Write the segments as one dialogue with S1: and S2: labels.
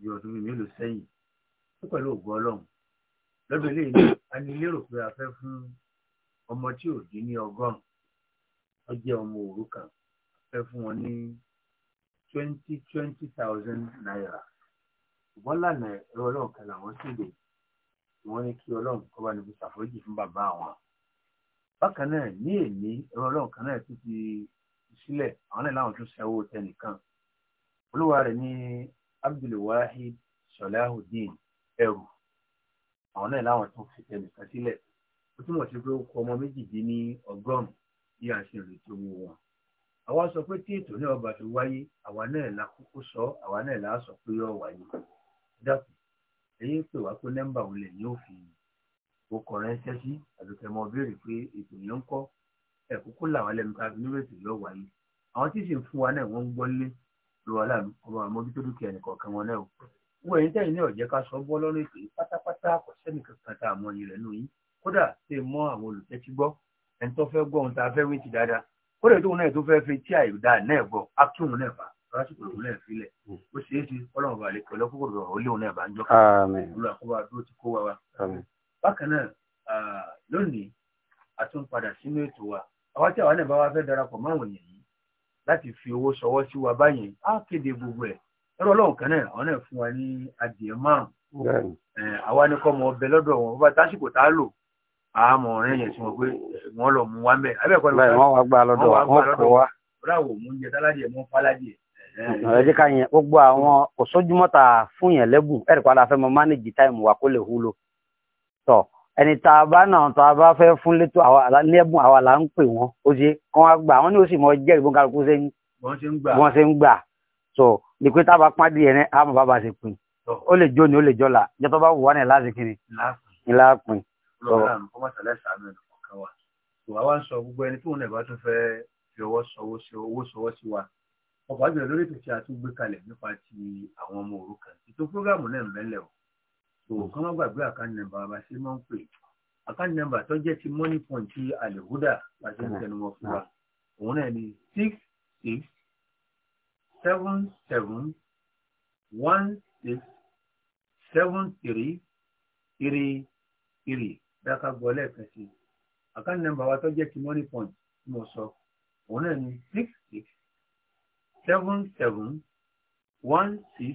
S1: bí ọdún mi mélòó sẹ́yìn tó pẹ̀lú ògùn ọlọ́run lọ́dún eléyìí ni a ní lérò pé a fẹ́ fún ọmọ tí ò dín ní ọgọ́rùn-ún ó jẹ́ ọmọ òrukàn a fẹ́ fún wọn ní twenty twenty thousand naira ṣùgbọ́n lánàá ẹ̀rọ ọlọ́run kan làwọn ṣèdè tí wọ́n ní kí ọlọ́run kọ́ bá níbi ṣàforíjì fún bàbá àwọn bákan náà ní èmi ẹ̀rọ ọlọ́run kan náà tún ti sílẹ̀ àwọn náà láwọn tún ṣẹ́wó tẹnìkan olúwa rẹ̀ ní abdulwahid salahuddin ẹrù àwọn náà láwọn tó fi ẹnìkan sílẹ̀ ó túmọ̀ sí pé ó kọ ọmọ méjìdín ní ọgọ́rùn-ún bí a ṣe retí owó wọn àwa sọ pé tí ètò náà bá fi wáyé àwa náà la kúkú sọ àwa náà la sọ pé yóò wáyé dákun ẹ̀yin pè wá pé nọ́mbà wo lẹ yóò fi kọ ránṣẹ́ sí àdùkẹmọ béèrè pé ètò yẹn ń kọ ẹ làwọn lẹ́nu ká nírètí yóò wáyé àwọn tí sì ń fún wa náà wọn ń gbọ́ nílé lọ́wọ́ aláàánú ọba àmójútó dúkìá ẹnì kọ̀ọ̀kan wọn náà wọ èyí tẹ̀yìn náà jẹ́ ká sọ bọ́ lọ́rùn ètò yìí pátápátá kò sẹ́nì kankan tá a mọ iyì rẹ̀ nù yín kódà ṣe mọ àwọn olùtẹ́tí gbọ́ ẹni tó fẹ́ gbọ́ ohun tá a fẹ́ wí ti dáadáa kódà ètò òun náà tó fẹ́ fi tí àìdá náà gbọ́ átúnun náà bá lásìkò òun náà filẹ̀ ó ṣeé mm. ṣe ọlọ́run balẹ̀ pẹ̀lú ọkọ̀ rọ̀ ó léwu náà bá ń jọ bákan náà a tún padà sínú ètò wa àwa tí láti fi owó ṣọwọ́ sí wa báyìí á kéde gbogbo ẹ̀ ẹ̀rọ ọlọ́run kan náà àwọn náà fún wa ní adìẹ márùn-ún àwa ní kọ́ mọ ọbẹ̀ lọ́dọ̀ wọn bá tásìkò tá a lò àmọ̀ ọ̀rẹ́ yẹn sí wọn pé wọ́n lọ mú wa mẹ́ abẹ́ẹ̀kọ́ ni wọ́n wá gbà lọ́dọ̀ wọn kọ wa bravo mú oúnjẹ táládìẹ mọ́ fáládìẹ. ẹ
S2: jẹ́ ká yẹn gbogbo àwọn òṣojúmọ́ta fún yẹn lẹ́bùn ẹ̀rì ẹni tá a bá náà tá a bá fẹ́ fún létò lẹ́bùn àwa là ń pè wọ́n ó ṣe kán wá gbà wọ́n ní ó sì mọ jẹ́rìí bó ń kálukú ṣe ń
S1: wọ́n ṣe
S2: ń gbà so ní pé tá a bá pọ́n adìyẹ rẹ á mọ̀ ba ṣe pin ó lè jó ni ó lè jọ́la jọ́ tó bá wù wá ní láti kiri ńlá pin.
S1: àwa ń sọ gbogbo ẹni tóun náà wa ọ̀pọ̀ àjọ lórí ètò tí a tún gbé kalẹ̀ nípa ti àwọn ọmọ òrukàn ètò prógráàmù náà ń bẹ́lẹ̀ o so kọ́ má gbàgbé àkáǹtì nàmbà bá ṣe máa ń pè àkáǹtì nàmbà tó jẹ́ ti money point ti àlèhúdà bá ṣe ń tẹnu wọn fún wa òun náà ni six six seven seven one six seven three three three dáká gbọ́ lẹ́ẹ̀kan sí i àkáǹtì nàmbà wa tó jẹ́ ti money point tí mo sọ òun náà ni six six seven seven one six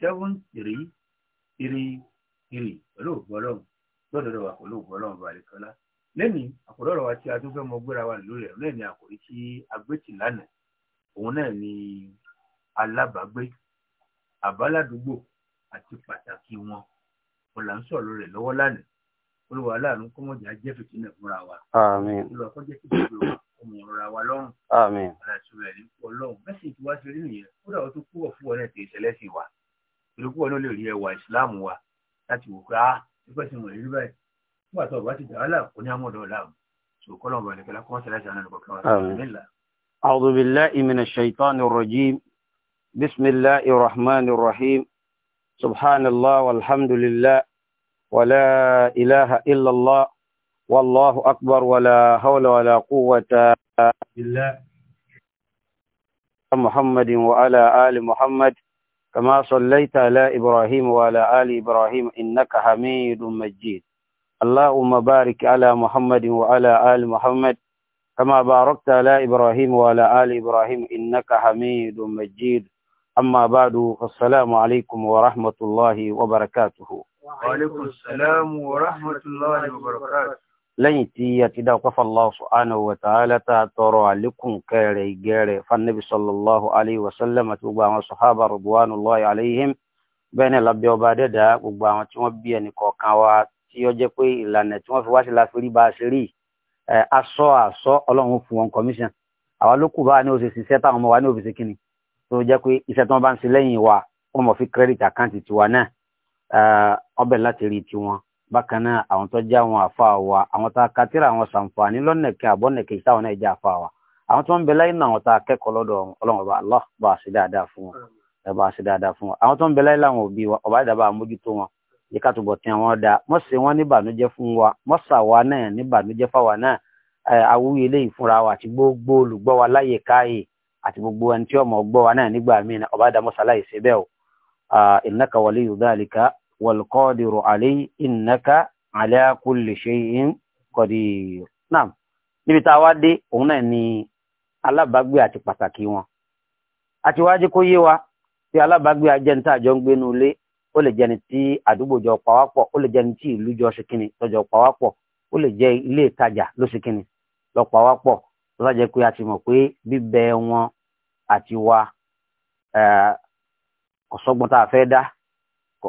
S1: seven three iri iri pẹ̀lú ògbọ́lọ́run gbọ́dọ̀ wà pẹ̀lú ògbọ́lọ́run bá àlekọ́lá lẹ́nìí wa tí a tún fẹ́ mọ gbéra wa lórí ẹ̀ lẹ́nìí àkòrí tí agbẹ́tì lánàá òun náà ni alábàágbé àbáládùúgbò àti pàtàkì wọn wọn là ń sọ̀rọ̀ lórí ẹ̀ lọ́wọ́ lánàá olùwà aláàánú kọ́mọ̀jà jẹ́ fìtínà fúnra wa olùwà kọ́ jẹ́ fìtínà wa ọmọ ọ̀rọ̀ wa lọ́rùn aláṣọ rẹ̀ ní ọlọ́run bẹ́sẹ̀ tí wàá ṣe rí nìyẹn kódà ó tún kúrò fún náà tẹ̀ ìṣẹ̀lẹ̀ wa olùkú wọn lè rí ẹwà ìsìláàmù wa láti wò pé ah ẹgbẹ́ ti wọ̀nyí rí báyìí nígbà tó ọba ti dà wàhálà kò ní àmọ́dọ̀ láàmù ṣòkò lọ́wọ́ balẹ̀ kẹlẹ́ kọ́ sẹ́lẹ̀ sàn
S2: أعوذ بالله من الشيطان سبحان الله والحمد لله ولا إله إلا
S1: الله والله أكبر ولا حول ولا قوة إلا محمد وعلى آل محمد كما صليت
S2: على إبراهيم وعلى آل إبراهيم إنك حميد مجيد اللهم بارك على محمد وعلى آل محمد كما باركت على إبراهيم وعلى آل إبراهيم إنك حميد مجيد أما بعد فالسلام عليكم ورحمة الله وبركاته
S1: وعليكم السلام ورحمة الله وبركاته
S2: lẹ́yìn tí a ti dá ọpẹ́ f'Allah subhanahu wa ta'ala tá a tọrọ àlékún kẹrẹ ìgẹrẹ fanabi sallallahu alayhi wa sallam àti gbogbo àwọn sahaba ridwanullahi alayhim bẹ́ẹ̀ ni lábẹ́ ọba dẹ́dà gbogbo àwọn tí wọ́n bí ẹnì kọ̀ọ̀kan wa tí ó jẹ́ pé ìlànà tí wọ́n fi wá sí la fi rí bá a ṣe rí aṣọ àṣọ ọlọ́run fún wọn commission àwa ló kù bá ní oṣooṣù iṣẹ́ táwọn ọmọ wa ní òfìsì kìnnì tó jẹ́ pé iṣẹ́ tí wọ́n bá ń bákan náà àwọn tó jẹ́ àwọn àfa wa àwọn tá akatira ka tírà àwọn sàǹfààní lọ́nẹ̀kẹ́ àbọ̀nẹ̀kẹ́ ìtàwọn náà jẹ́ àfa wa àwọn tó ń bẹ láyé náà àwọn tá a kẹ́kọ̀ọ́ lọ́dọ̀ ọlọ́run ọba allah bá a ṣe dáadáa fún wọn ẹ a ṣe dáadáa fún wọn àwọn tó ń bẹ láyé láwọn òbí wa ọba ìdàbà àmójútó wọn yìí ká túbọ̀ tí wọn da mọ́ ṣe wọn ní ìbànújẹ́ fún wa mọ́ ṣà wa náà ní ìbànújẹ́ fáwa náà awúyé lẹ́yìn fúnra wa àti gbogbo olùgbọ́ wa láyè káyè àti gbogbo ẹni tí ọmọ gbọ́ wa náà nígbà míì ọba ìdàmọ́sálà ìṣe bẹ́ẹ̀ o innaka waliyu dhalika والقادر عليه إنك على كل شيء قدير نعم نبي tá a wá dé òun náà ni alábàágbé àti pàtàkì wọn àti wájú kó yé wa tí alábàágbé ajẹni tá a jọ ń gbénu ilé ó lè jẹni tí àdúgbò jọ pawápọ̀ ó lè jẹni tí ìlú jọ ṣe kínni lọ́jọ́ pawápọ̀ ó lè jẹ ilé ìtajà ló ṣe kínni lọ pawápọ̀ lọ́jọ́ pé a wa ọ̀sọ́gbọ́n tá a fẹ́ dá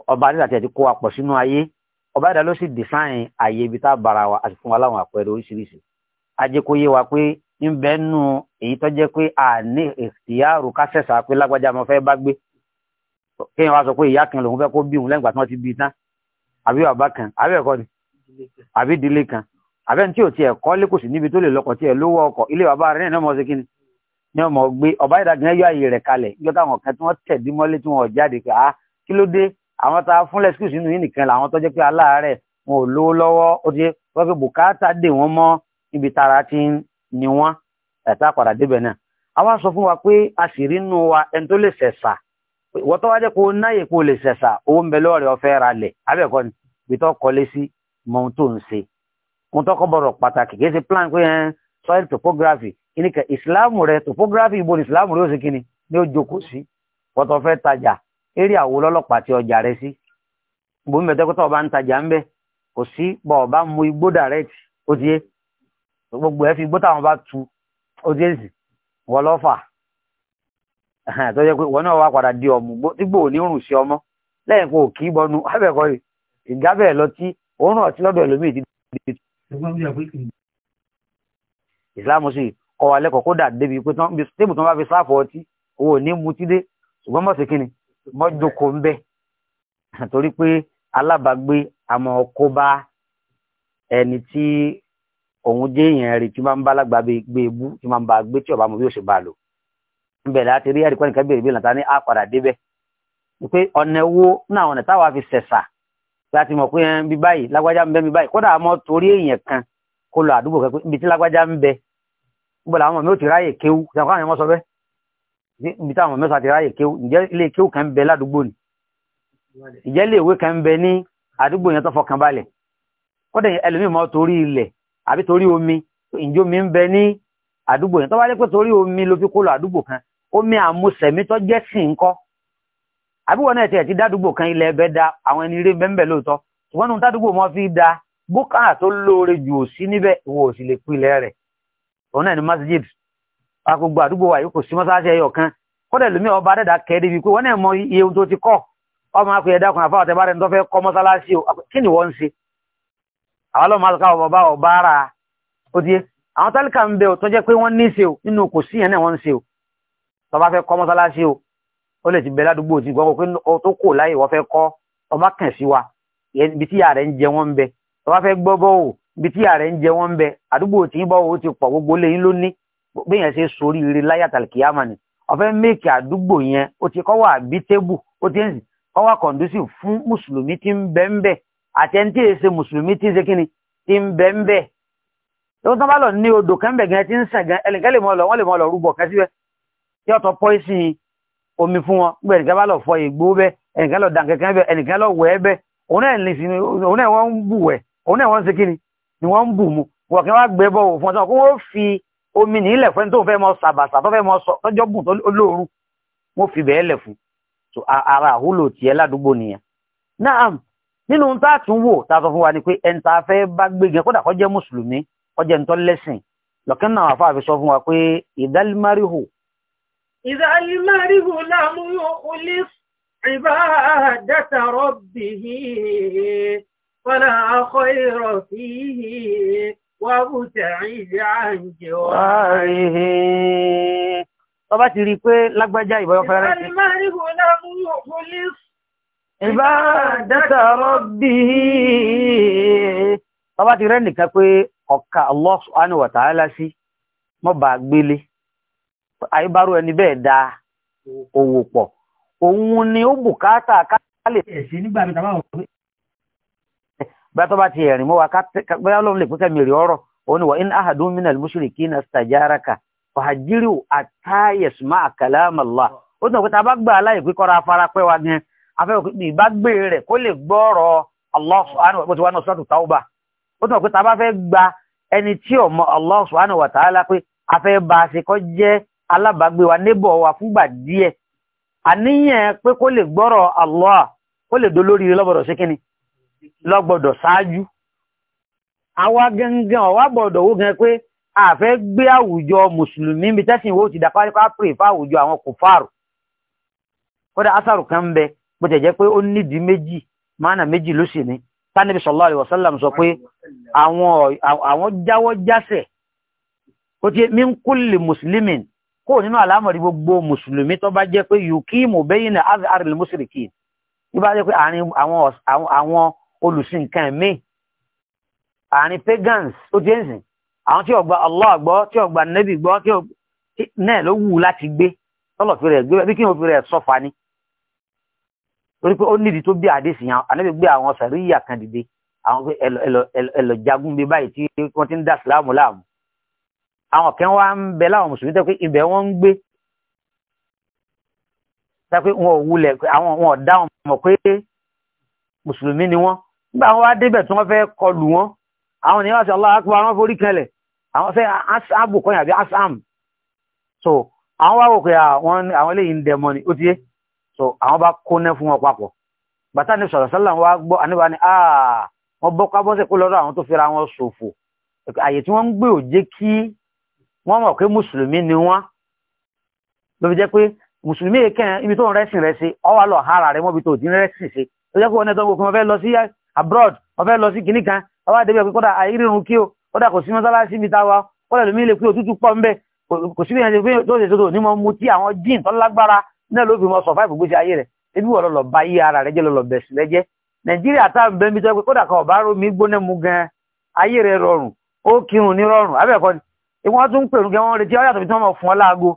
S2: ọba nígbà tí a ti kó apọ̀ sínú ayé ọba ìdá ló sì dìsáìn àyè ibi tá a bára wa àti fún wa láwọn àpẹẹrẹ oríṣiríṣi ajé kó yé wa pé ń bẹ nù èyí tó jẹ́ pé a ní ìyáàrú ká sẹ̀sà pé lágbájá mo fẹ́ bá gbé kéèyàn wá sọ pé ìyá kan lòun fẹ́ kó bí òun lẹ́yìn ìgbà tí wọ́n ti bí tán àbí bàbá kan àbí ẹ̀kọ́ ni àbí ìdílé kan àbẹ́ni tí ò tiẹ̀ kọ́ lé sí níbi tó lè lọ́kọ̀ tiẹ̀ lówó ọkọ̀ ilé bàbá rẹ̀ náà mọ̀ sí kí ni ni ọmọ gbé ọba ìdàgbẹ́ yọ àyè rẹ̀ kalẹ̀ yọ káwọn kan tí wọ́n tẹ̀dí mọ́lé tí wọ́n jáde pé ah kí ló dé àwọn tá a fún lẹ́síkìsì nínú yìí nìkan làwọn tó jẹ́ pé aláàárẹ̀ wọn ò lówó lọ́wọ́ ó ti wọ́n fi bùkátà dè wọ́n mọ́ ibi tara ti ń ni wọ́n ẹ̀ta padà débẹ̀ náà àwa sọ fún wa pé a sì rí nínú wa ẹni tó lè sẹ̀sà wọ́n tó wá jẹ́ kó náyè kó lè sẹ̀sà owó ń bẹ lọ́ọ̀rẹ́ ọ̀fẹ́ ra lẹ̀ abẹ́ẹ̀kọ́ ni ibi tó kọ́lé sí mọ ohun tó ń ṣe ohun tó bọ̀rọ̀ pàtàkì kì í ṣe plan pé ẹn soil topography kìíní kẹ ìsìláàmù rẹ topography ibo ni ìsìláàmù rẹ ó ṣe kíni ni ó jókòó sí wọ́n tó fẹ́ tajà eré àwo lọ́lọ́pàá ti ọjà rẹ sí bómi bẹ̀ tẹ́kọ́tọ̀ ọba ń tajà ń bẹ̀ kò sí bọ̀ ọba mu igbó direct ó ti yé gbogbo ẹ fi igbó táwọn bá tu ó ti yé sì wọ́n lọ́fà tó yẹ pé wọ́n náà wá padà di ọ̀mù dígbò ní òrùn sí ọmọ lẹ́yìn pé òkì bọnu abẹ́kọ̀ rẹ̀ lọ tí òórùn ọtí lọ́dọ̀ ẹlòmíì ti di ìsìlámù sí kọ́ wa lẹ́kọ̀ọ́ kódà débi pé tí wọ́n bá fi sáfọ̀ ọtí owó ní mutí dé ṣùgbọ́n mọ̀ sí kínni mọ́jòkó ń bẹ̀ torí pé alábàágbé àmọ́ ọkọ bá ẹni tí òun jẹ́ èèyàn rẹ̀ tí máa ń bá alágbà gbé ebú tí máa ń bá gbé tí ọba mọ̀ bí ó ṣe bá lò ń bẹ̀ láti rí ẹ̀rí pẹ́nìkan bèrè bí ìlànà ní àpàdà débẹ̀ pé ọ̀nà wo náà ọ̀nà táwa fi ṣẹ̀ṣà láti mọ̀ pé ẹn bí báyìí lágbájá ń bẹ mi báyìí kódà àmọ́ torí èèyàn kan kó lọ àdúgbò kan ibi tí lágbájá ń bẹ ń bọ̀ làwọn mi ò ti ráyè kéwú níbi táwọn mẹ́sàn àti ráyè kéwú ǹjẹ́ ilé kéwú kan ń bẹ ládùúgbò ni ǹjẹ́ ilé ìwé kan ń bẹ ní àdúgbò yẹn tó fọkàn balẹ̀ kọ́dẹ̀ ẹlòmíì mọ́ torí ilẹ̀ àbí torí omi ǹjẹ́ omi ń bẹ ní àdúgbò yẹn tó bá dé pé torí omi ló fi kó lọ àdúgbò kan omi àmusẹ̀mí tó jẹ́ sìn ńkọ́ àbí wọn náà tiẹ̀ ti dádúgbò kan ilẹ̀ ẹbẹ̀ da àwọn ẹni eré bẹ́ńbẹ̀ lóòótọ́ ṣùgbọ́n nínú dádúgbò mọ́ fi da bókà tó lóore jù ò sí níbẹ̀ ìwọ ò sì lè pilẹ̀ rẹ̀ òun náà ni masjid agbogbo àdúgbò wa yìí kò sí mọ́sáàsì ẹyọ kan kódà lómi ọba dẹ́dà kẹ́ẹ́dẹ́ bíi pé wọ́n náà mọ iye ohun tó ti kọ́ ọmọ akọ ẹ̀dá kan àfáwọ̀ tẹ́ bá rẹ̀ ń tọ́fẹ́ kọ́ mọ́sálásí o kí ni wọ́n ń ṣe àwọn ọlọ́mọ alùpàá ọba ọba ara ó di àwọn tálíkà ń bẹ tó jẹ́ pé wọ́n ní ṣe o nínú kò sí yẹn náà wọ́n ń ṣe o tó bá fẹ́ kọ́ mọ́sálásí o ó bẹ́yẹn ṣe sórí ire láyàtàlì kìyàmà ni ọ̀fẹ́ mẹ́kì àdúgbò yẹn ó ti kọ́ wà bí tébù ó ti ń sìn kọ́ wà kọ̀ǹdúsì fún mùsùlùmí tí ń bẹ́ ń bẹ̀ àti ẹni tí èyí ṣe mùsùlùmí tí ń ṣe kíni tí ń bẹ́ ń bẹ̀. lóun tó bá lọ ní odò kẹ́ńbẹ̀ gan ti ń sàn gan ẹnìkan lè mọ lọ wọ́n lè mọ lọ rúbọ kẹ́ síbẹ̀ tí ọ̀tọ̀ pọ́ sí omi fún wọn gbé ẹnìkan bá lọ fọ ìgbó bẹ́ ẹnìkan lọ dàn kẹ́kẹ́ bẹ́ ẹnìkan lọ wẹ̀ bẹ́ òun náà ní sinmi òun náà omi ní ilẹ̀ fẹ́ni tó fẹ́ mọ sàbàsà tó fẹ́ mọ sọ tọ́jọ́ bùn tó lóoru wọ́n fi bẹ́ẹ̀ lẹ̀ fún so ara àhúlò tiẹ̀ ládùúgbò nìyẹn náà nínú tá a tún wò tá a sọ fún wa ni pé ẹni tá a fẹ́ bá gbégi kódà kó jẹ́ mùsùlùmí kó jẹ́ ntọ́ lẹ́sìn lọ́kẹ́ náà wà àfi sọ fún wa pé ìdálímárìhù.
S3: ìdálímárìhù lámúyò olè ìbáàdàtà rọ̀bì yìí wọ́n náà wábùtẹ̀rìn àǹjẹ́ wáàríhe. Wọ́n bá ti rí i pé lágbájá ìbọn fẹ́rẹ́ sí. Ìbá rí kò náà mú òkú
S2: ti rẹ́ nìkan pé ọ̀ka Allah subhanahu wa ta'ala sí mọ́ bá gbélé. Àyíbárò ẹni bẹ́ẹ̀ da owó pọ̀. Òun ni ó bùkátà ká lè. Ẹ̀sìn bá tó bá ti ẹ̀rìn mọ́ wa bóyá lóun lè pínkẹ́ mi rí ọ̀rọ̀ òun ni wà in ahadun minal mushrikina istajaraka fàájírìw àtàyẹ̀sùmá kalamallah ó tún òkúta bá gbà aláìpé kọ́ra afárá pẹ́ wa gan afẹ́wò ìbá gbé rẹ̀ kó lè gbọ́rọ̀ Allah subhanahu wa ta'ala suratu tauba ó tún òkúta bá fẹ́ gba ẹni tí ò mọ Allah subhanahu wa ta'ala pé afẹ́ bá a ṣe kọ́ jẹ́ alábàágbé wa níbọ̀ wa fúngbà díẹ̀ àníyàn pé kó lè gbọ́rọ̀ Allah kó lè dolórí lọ́bọ̀rọ̀ ṣe kíni lọ́gbọ́dọ̀ ṣáájú àwa gangan ọ̀wá gbọ́dọ̀ wó gan pé àfẹ́ gbé àwùjọ mùsùlùmí bí tẹ́sìn wo ti dà fárí ká pè fáwùjọ àwọn kòfàrù kódà asàrù kan bẹ bó tẹ̀ jẹ́ pé ó nídìí méjì mánà méjì ló sì ní tánàbí sallallahu alaihi wasallam sọ pé àwọn jáwọ́ jásẹ̀ ó ti min kulli muslimin kó nínú àlámọ̀rí gbogbo mùsùlùmí tó bá jẹ́ pé yukimu bayna azharil mushrikin ìbá jẹ́ pé àárín àwọn olùsìn nǹkan ẹ̀mí àárín pagans ó jẹ́ ǹsìn àwọn tí ó gba Allah gbọ́ tí ó gba nẹ́bì gbọ́ tí ó náà ló wù láti gbé tọ́lọ̀ fi rẹ̀ gbé bí kí n ò fi rẹ̀ sọ́fà ni torí pé ó nídi tó bí àdéhùn yẹn ànábì gbé àwọn sàríyà kan dìde àwọn ẹlọ jagun bíi báyìí tí wọ́n ti ń dá síláàmù láàmú àwọn kan wá ń bẹ láwọn mùsùlùmí tẹ́ pé ibẹ̀ wọ́n ń gbé tẹ́ pé wọn ò wulẹ̀ àwọn wọn ò dáhùn mọ̀ pé mùsùlùmí ni wọ́n nígbà wọn wá débẹ̀ tí wọ́n fẹ́ kọlù wọn àwọn ènìyàn àti Allahu Akbar wọn forí kanlẹ̀ àwọn fẹ́ asáàbù kan yàbí asáàmù so àwọn wá wò pé ah, àwọn eléyìí ń dẹmọ ni ó ti so àwọn bá kóná fún wọn papọ̀ bàtà ní sọ̀rọ̀ sálà wá gbọ́ àníbà ni ah, wọ́n bọ́ kábọ́sẹ̀ kó lọ́dọ̀ àwọn tó fẹ́ra wọn ṣòfò àyè tí wọ́n ń gbé ò jẹ́ kí wọ́n mọ̀ pé mùsùlùmí ni wọ́n ló fi jẹ́ pé mùsùlùmí kẹ́hìn ibi tó ń rẹ́sìn rẹ̀ sí ọwọ́ lọ hàrà rẹ̀ mọ́bi tó ò dín rẹ́sìn sí ó jẹ́ pé wọ́n ní ẹ̀dọ́gbọ̀n fún wọn fẹ́ lọ sí abroad ọ̀fẹ́ lọ sí kìíní kan ọwọ́ àdébí ọ̀pẹ́ kọ́dà àìrírun kí o kọ́dà kò sí mọ́sálásí mi táwa kọ́dà lómi lè pé òtútù pọ̀ ńbẹ kò sí ìyànjẹ pé tó ṣe sódò nímọ̀ mu tí àwọn jíìn tó lágbára náà ló fi mọ sọ̀fáìfù gbèsè ayé rẹ̀ ebi wọ̀ lọ bá yí ara rẹ̀ jẹ́ lọ bẹ̀ sílẹ̀ jẹ́ nàìjíríà tá à ń bẹ́ mi tọ́ pé kọ́dà kan ọ̀bá romi gbóná mu gan ayé rẹ̀ rọrùn ó kírun ní rọrùn abẹ́ẹ̀kọ́ ni wọ́n tún ń pèrún gan wọ́n retí ọ̀yàtọ̀ bí tí wọ́n mọ̀ fún ọ láago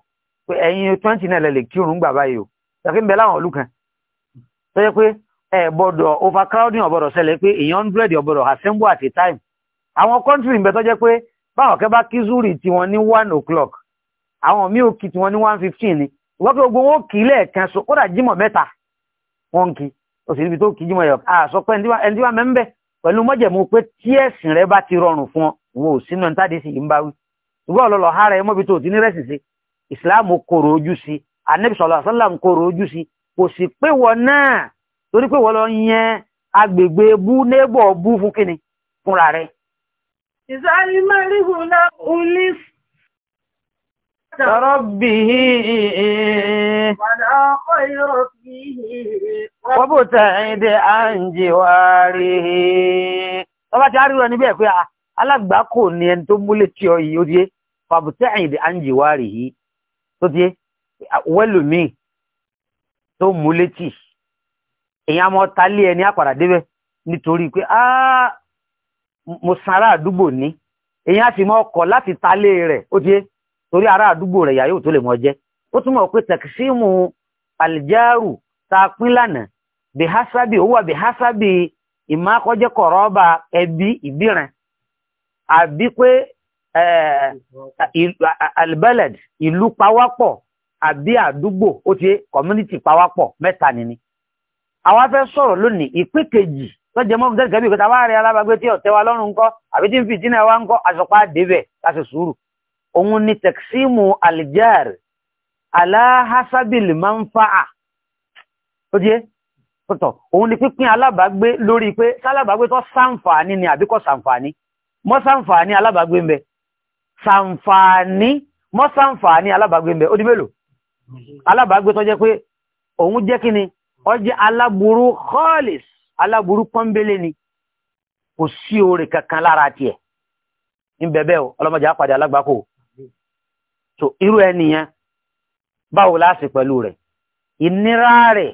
S2: pé ẹ̀yin twenty náà lẹ̀ lè kírun gbà báyìí o tàbí ń bẹ láwọn òlù kan tó yẹ pé ẹ gbọ́dọ̀ overcrowding ọbọdọ ṣẹlẹ̀ pé èèyàn hundred ọ̀bọ̀dọ̀ assemble at a time àwọn country ìbẹ̀ tó jẹ́ pé báwọn zuri ní one o'clock àwọn míì ò kí one fifteen ni wọ́n pé gbogbo wọn kì í lẹ́ẹ̀kan so kódà jímọ̀ o sì níbi tó kì í jímọ̀ yọ̀ à sọ pé ẹni tí pẹ̀lú mọ́jẹ̀mú pé tí ẹ̀sìn rẹ bá ti rọrùn fún ọ sínú ẹni sì ń torí pé wọ́n lọ yẹn agbègbè bú nébọ̀ bú fún kíni fúnra rẹ̀.
S3: ìsáyí mẹ́rìnlú na ulí sọ̀rọ̀ bí i padà yóò fi wọ́n
S2: bò tẹ̀ ẹ̀dẹ̀ àǹjẹ̀wárí. tọ́ba ti àríwá níbẹ̀ pé ah, alágbà kò ní ẹni tó múlẹ̀ tí ọ yìí ó díẹ̀ fàbùtẹ́ ẹ̀dẹ̀ àǹjẹ̀wárí yìí tó díẹ̀ wẹ́lùmí tó múlẹ̀ tì í. èyàn mọ́ ta lé ẹni àpàrà débẹ̀ nítorí pé áá mo san àdúgbò ní èyàn sì mọ́ ọkọ̀ láti ta rẹ̀ ó ti torí ara àdúgbò rẹ̀ yàyò tó lè mọ́ jẹ́ ó túmọ̀ pé tẹ̀kísímù àlìjáàrù ta pín lànà bìhásábì ó wà ẹbí àbí pé eh, ìlú community àwọn afẹ́ sọ̀rọ̀ lónìí ìpín kejì lọ́jọ́ mọ́ gẹ́gẹ́ bí ìkọta wá rẹ̀ alábàgbé tí ọ̀tẹ́ wa lọ́rùn ńkọ́ àbí tí ń fi ìdínà wa ńkọ́ aṣọpá débẹ̀ láti sùúrù òun ni tẹ̀síìmù alìjáàrì aláhásábìlì máa ń fa à ó jẹ́ pọ̀tọ̀ òun ni pínpín alábàgbé lórí pé sálábàgbé tó sàǹfààní ni àbí kò sàǹfààní mọ́ sàǹfààní alábàgbé ń bẹ sàǹfààní mọ́ sàǹfààní alábàgbé ń bẹ ó di mélòó alábàgbé tó jẹ́ pé òun jẹ́ kí ni ó jẹ́ aláburú khalis aláburú pọ́nbélé ni kò sí oore kankan lára tiẹ̀ ń bẹ̀bẹ̀ o ọlọ́mọdé àpàdé alágbàkó so irú ẹnìyẹn báwo láti pẹ̀lú rẹ̀ ìnira rẹ̀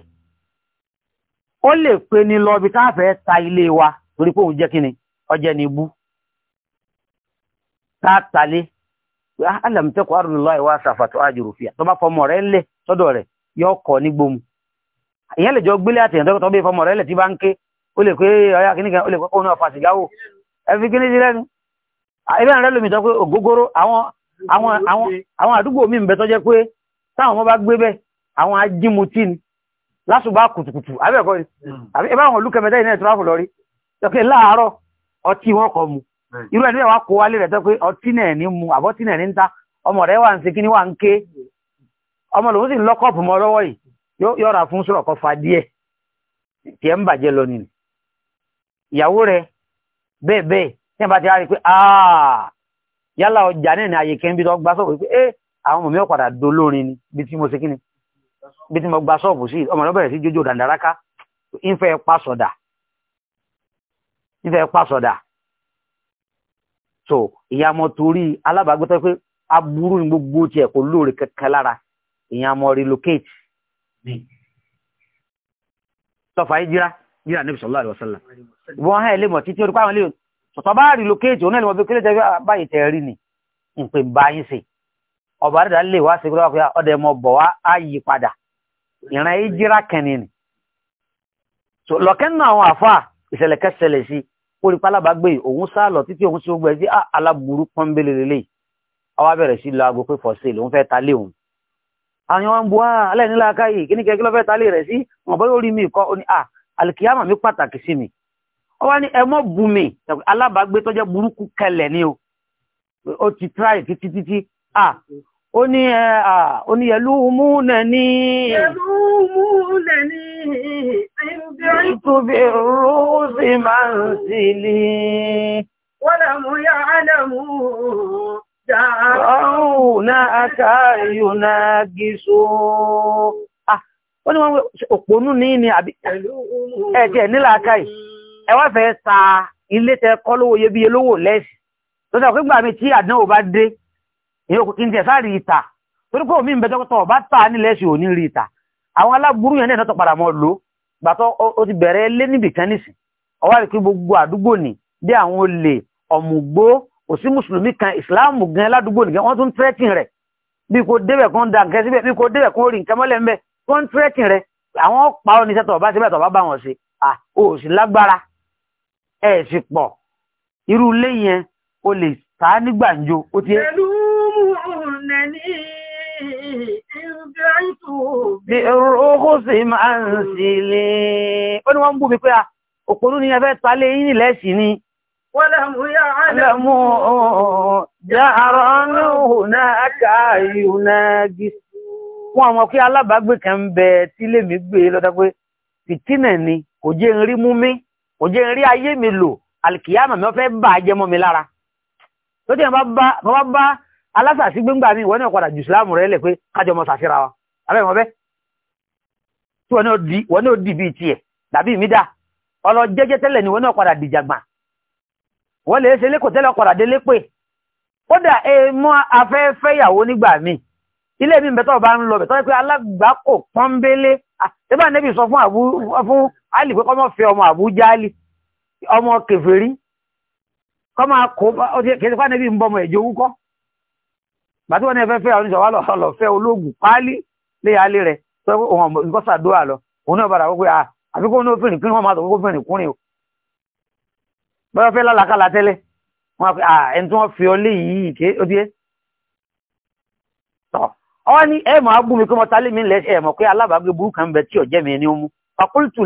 S2: ó lè pe ni lọ bí káfẹ́ ta ilé wa torí pé òun jẹ́ kíni ọjẹ́ ni bú tátàlé alamtẹ́kọ̀ọ́ arùnlọ́ọ̀wá sàfàtọ́ àjòrò fìyà tó bá fọmọ rẹ̀ ńlẹ̀ sọ́dọ̀ rẹ̀ yọ ọkọ̀ nígbòmù ìyẹn lè jọ gbélé àtẹ̀yàn tó bí fọmọ rẹ̀ lẹ̀ tí bá ń ké ó lè pé ọyá kìíní kan ó lè pé òun náà fa sìgá wò ẹ fi kíní sí lẹ́nu ibẹ̀ rẹ̀ lómi sọ pé ògógóró àwọn àdúgbò mi ń bẹ tó jẹ́ pé táwọn ọmọ bá gbé bẹ́ àwọn ajímutí ni lásùbá kùtùkùtù abẹ́ẹ̀kọ́ rí ẹbá àwọn olúkẹ́mẹ́tẹ́ iná ìtúráfù lọ rí tọ́kẹ́ láàárọ̀ ọtí wọn kọ mu irú ẹni wá kó wálé rẹ̀ tọ́ pé ọtí náà ní mu àbọ́tí náà ní ń ta ọmọ rẹ̀ wà ń ṣe kíní wà ń ké ọmọ lòun sì ń lọ́kọ̀ọ̀pù mọ́ lọ́wọ́ yìí yọra fún sọ̀rọ̀ kọ́ fa díẹ̀ tí ẹ ń bàjẹ́ lọ nìyí ìyàwó rẹ bẹ́ẹ̀ bẹ́ẹ̀ tí ẹ bá ti rárí pé yálà ọjà náà ní àyè kẹ́ńbí tó gbá sọ̀rọ̀ pé àwọn ọmọ mi ò padà dolórin ni bí tí mo ṣe kíni bí tí mo gba sọ́ọ̀bù sí ọmọ rẹ sí jójó dàndáraká ìfẹ́ pa sọ̀dà ìfẹ́ pa sọ̀dà so ìyá ọmọ torí alábàágbé tó pé aburú ni gbogbo tiẹ̀ kò lóore kankan lára ìyá ọmọ relocate ni tọ́fà ìjírá jíra níbi sallallahu alaihi wasallam wọ́n hẹ́ ilé mọ̀ títí orí pàwọn ilé tọ̀tọ̀ bá relocate òun ẹ̀lẹ́mọ̀ bí kílẹ̀ jẹ́ báyìí tẹ̀ rí ni ń pè bá yín sí ọba àdàdà lè wá sí gbọ́dọ̀ pé ọdẹ mọ̀ bọ̀ wá á yí padà ìran ìjírá kẹni ni lọ́kẹ́ nínú àwọn àfa ìṣẹ̀lẹ̀ kẹsẹ̀lẹ̀ sí orí pálábàgbé òun sá lọ títí òun sí gbogbo ẹ̀ sí ah, aláburú pọ́nbélé lélẹ́yìí ọwọ́ bẹ̀rẹ̀ sí lọ aago pé for sale òun fẹ́ ta lé òun àwọn wọn bu hàn ah, aláìníla káyè kí ní kẹkí lọ́fẹ́ tálẹ̀ rẹ̀ sí wọn bọ́ lórí mi kọ́ ní ah, à alìkíyàmà mi pàtàkì sí mi ó wá ní ẹ mọ́ bu mi alábàágbé tó jẹ́ burúkú kẹlẹ̀ ni o ó ti tíráì títí títí à ah, ó ní ẹ eh,
S3: à ó ní yẹlú mú nẹ ní. yẹlú mú nẹ ní ìtúbi rúùsì máa ń sílẹ̀. wọ́n làmú yá á làmú. Ọ̀húnà akáyùnà
S2: gíso. Ó ní wọ́n òpónú ní ní àbí ẹ̀kẹ́ nílà akáyì. Ẹ wá fẹ́ ta ilé tẹ kọ́ lówó yẹ bí elówó lẹ́sì. Tó sọ pé gbà mí tí àdánwò bá dé, èyí òkú kí n tẹ̀ sáàrí ìta. Torí pé omi ìbẹ́tọ́kọ́tọ̀ bá ti bẹ̀rẹ̀ lé níbìkan nísìn. Ọwá rí pé gbogbo àdúgbò ní bí kò sí mùsùlùmí kan ìsìláàmù gan ládùúgbò nìkan wọ́n tún tírẹ́tìn rẹ̀ bí kò débẹ̀ kan da nǹkan síbẹ̀ bí kò débẹ̀ kan orí nǹkan mọ́lẹ̀ ńbẹ wọ́n ń tírẹ́tìn rẹ̀ àwọn pa ọ́ ní sẹ́tọ̀ ọba síbẹ̀ tọ́ba bá wọn ṣe à ò sì lágbára ẹ̀ sì pọ̀ irú ilé yẹn o lè ta ní gbàǹjo ó ti. pẹ̀lú
S3: mùrùnẹ̀ni ìgbẹ́rìtò. bí oró sì
S2: máa ń sílé ó ní wọ́n ń bú mi pé òpònú ni ẹ fẹ́ ta lé yín nílẹ̀ sí ni.
S3: ولم يعلموا
S2: جهرا هناك يناجس wọn àwọn pé alábàágbé kan ń bẹ tí lèmi gbé lọ́dá pé fìtínà ni kò jẹ́ ń rí mú mi kò jẹ́ ń rí ayé mi lò alìkìyàmà mi wọ́n fẹ́ bà á jẹ́ mọ́ mi lára tó dé bá bá alásàsí gbéńgbà mi ìwọ náà padà jù síláàmù rẹ lẹ pé kájọ mọ sàṣíra wa abẹ́rẹ́ wọn bẹ́ tí wọn náà dì bíi tiẹ̀ dàbí mi dá ọlọ tẹ́lẹ̀ ni wọn náà padà dìjàgbà wọ́n lè ṣe lé kò tẹ́lẹ̀ ọ̀pọ̀dà délé pè dà ami afẹ́fẹ́ ìyàwó nígbà mi ilé mi bẹ̀tọ̀ bá ń lọ bẹ̀tọ̀ pé alágbàkò pọ́nbélé àtẹ́bà nẹ́bì sọ fún àbú pé kọ́mọ́ fẹ́ ọmọ àbú jálì ọmọ kèfèrí kọ́mọ́ kò kèsì fún nẹ́bì ń bọ́mọ ẹ̀jẹ̀ owúkọ́ bàtí wọ́n ní ẹfẹ́fẹ́ àwọn ìṣọ̀wá lọ ológun páálí lé rẹ̀ sọ pé òun ọmọ ìkọ́sàdúrà lọ òun náà padà àfikún ní ó bọ́yọ̀ fẹ́ lálàkàlà tẹ́lẹ̀ wọ́n fi ẹni tí wọ́n fi ọ lé yìí ké ó díẹ̀ tọ́ ọ ní ẹ máa bú mi kí wọ́n tálé mi lẹ́ ẹ̀ mọ̀ pé alábàágbé burúkú kan bẹ tí ọ̀jẹ́ mi ni ó mú fakultu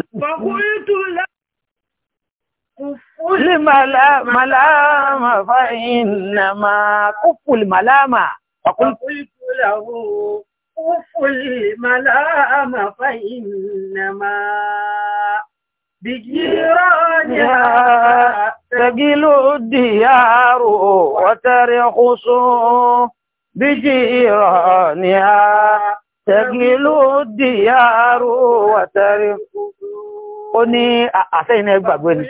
S3: lè màláàmà fàìnàmà kúfùl màláàmà fakultu làwọ̀ kúfùl màláàmà fàìnàmà. بجيرانها تقل الديار وترخص بجيرانها تقل الديار وترخص ó ní àṣẹ́yìn ẹgbàgbé ni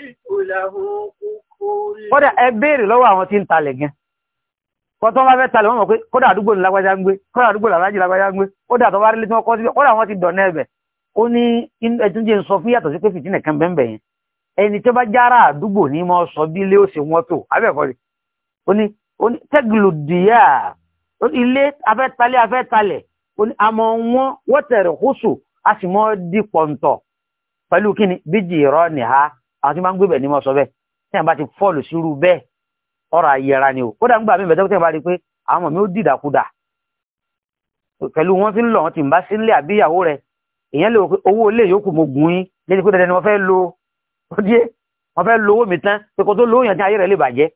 S3: kódà ẹ béèrè
S2: lọ́wọ́ àwọn tí ń talẹ̀ gan kọ́tọ́ bá fẹ́ talẹ̀ wọ́n mọ̀ pé kódà àdúgbò ní lágbájá ń gbé kódà àdúgbò làlájì lágbájá ń gbé kódà tó bá ó ní ẹtún jẹ́ ń sọ fún yàtọ̀ sí pé fìtínà kan bẹ́ẹ̀ bẹ́ẹ̀ yẹn ẹni tó bá jára àdúgbò ní mọ́ sọ bí ilé ó ṣe wọ́n tó abẹ́ẹ̀kọ́ rẹ̀ ó ní tẹ́gìlùdìyà ilé afẹ́talẹ̀ afẹ́talẹ̀ ó ní àmọ́ wọn wọ́tẹ̀rẹ̀ kóso a sì mọ́ di pọ̀ǹtọ̀ pẹ̀lú kí ni bíjì ìrọ́ ni ha àwọn tí máa ń gbé bẹ̀ ní mọ́ sọ bẹ́ẹ̀ tí bá ti fọ́ọ̀lù sírú bẹ́ẹ̀ ọ̀rọ̀ ni o kódà ń gbà mí bẹ̀tẹ́ tẹ́ bá rí pé àwọn ọmọ mi ó dìdàkudà pẹ̀lú wọn ti ń lọ wọn ti ń bá sílé àbíyàwó rẹ̀ èèyàn lè owó ilé yòókù mo gùn yín lẹ́yìn pé dandan ni wọ́n fẹ́ lo ó díẹ̀ wọ́n fẹ́ lo owó mi tán pé kó tó lo òyìnbó ayé rẹ̀ lè bàjẹ́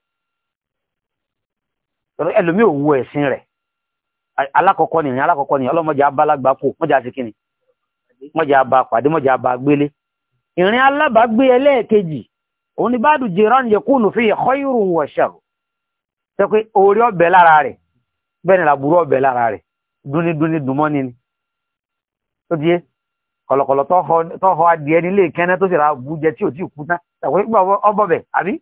S2: ẹlòmíì ò wo ẹ̀sìn rẹ̀ alákọ̀ọ́kọ́ nìyẹn alákọ̀ọ́kọ́ nìyẹn ọlọ́mọdé abálágbá kò mọ́jà sí kíni mọ́jà pàdé mọ́jà abá gbélé ìrìn alábàágbé ẹlẹ́ẹ̀kejì òun ni báàdù jìrán yẹkùnù fi khayrun wa sharr tẹ́ pé orí ọ̀bẹ lára rẹ̀ bẹ́ẹ̀ ni làbúrò ọ̀bẹ lára rẹ̀ dúnídúní dùnmọ́ni kọ̀lọ̀kọ̀lọ̀ tọ́họ adìẹ nílé kẹ́nẹ́ tó sì ra gújẹ tí ò tí kú tán ẹ̀wọ̀n ìgbà ọbọ̀bẹ̀ àbí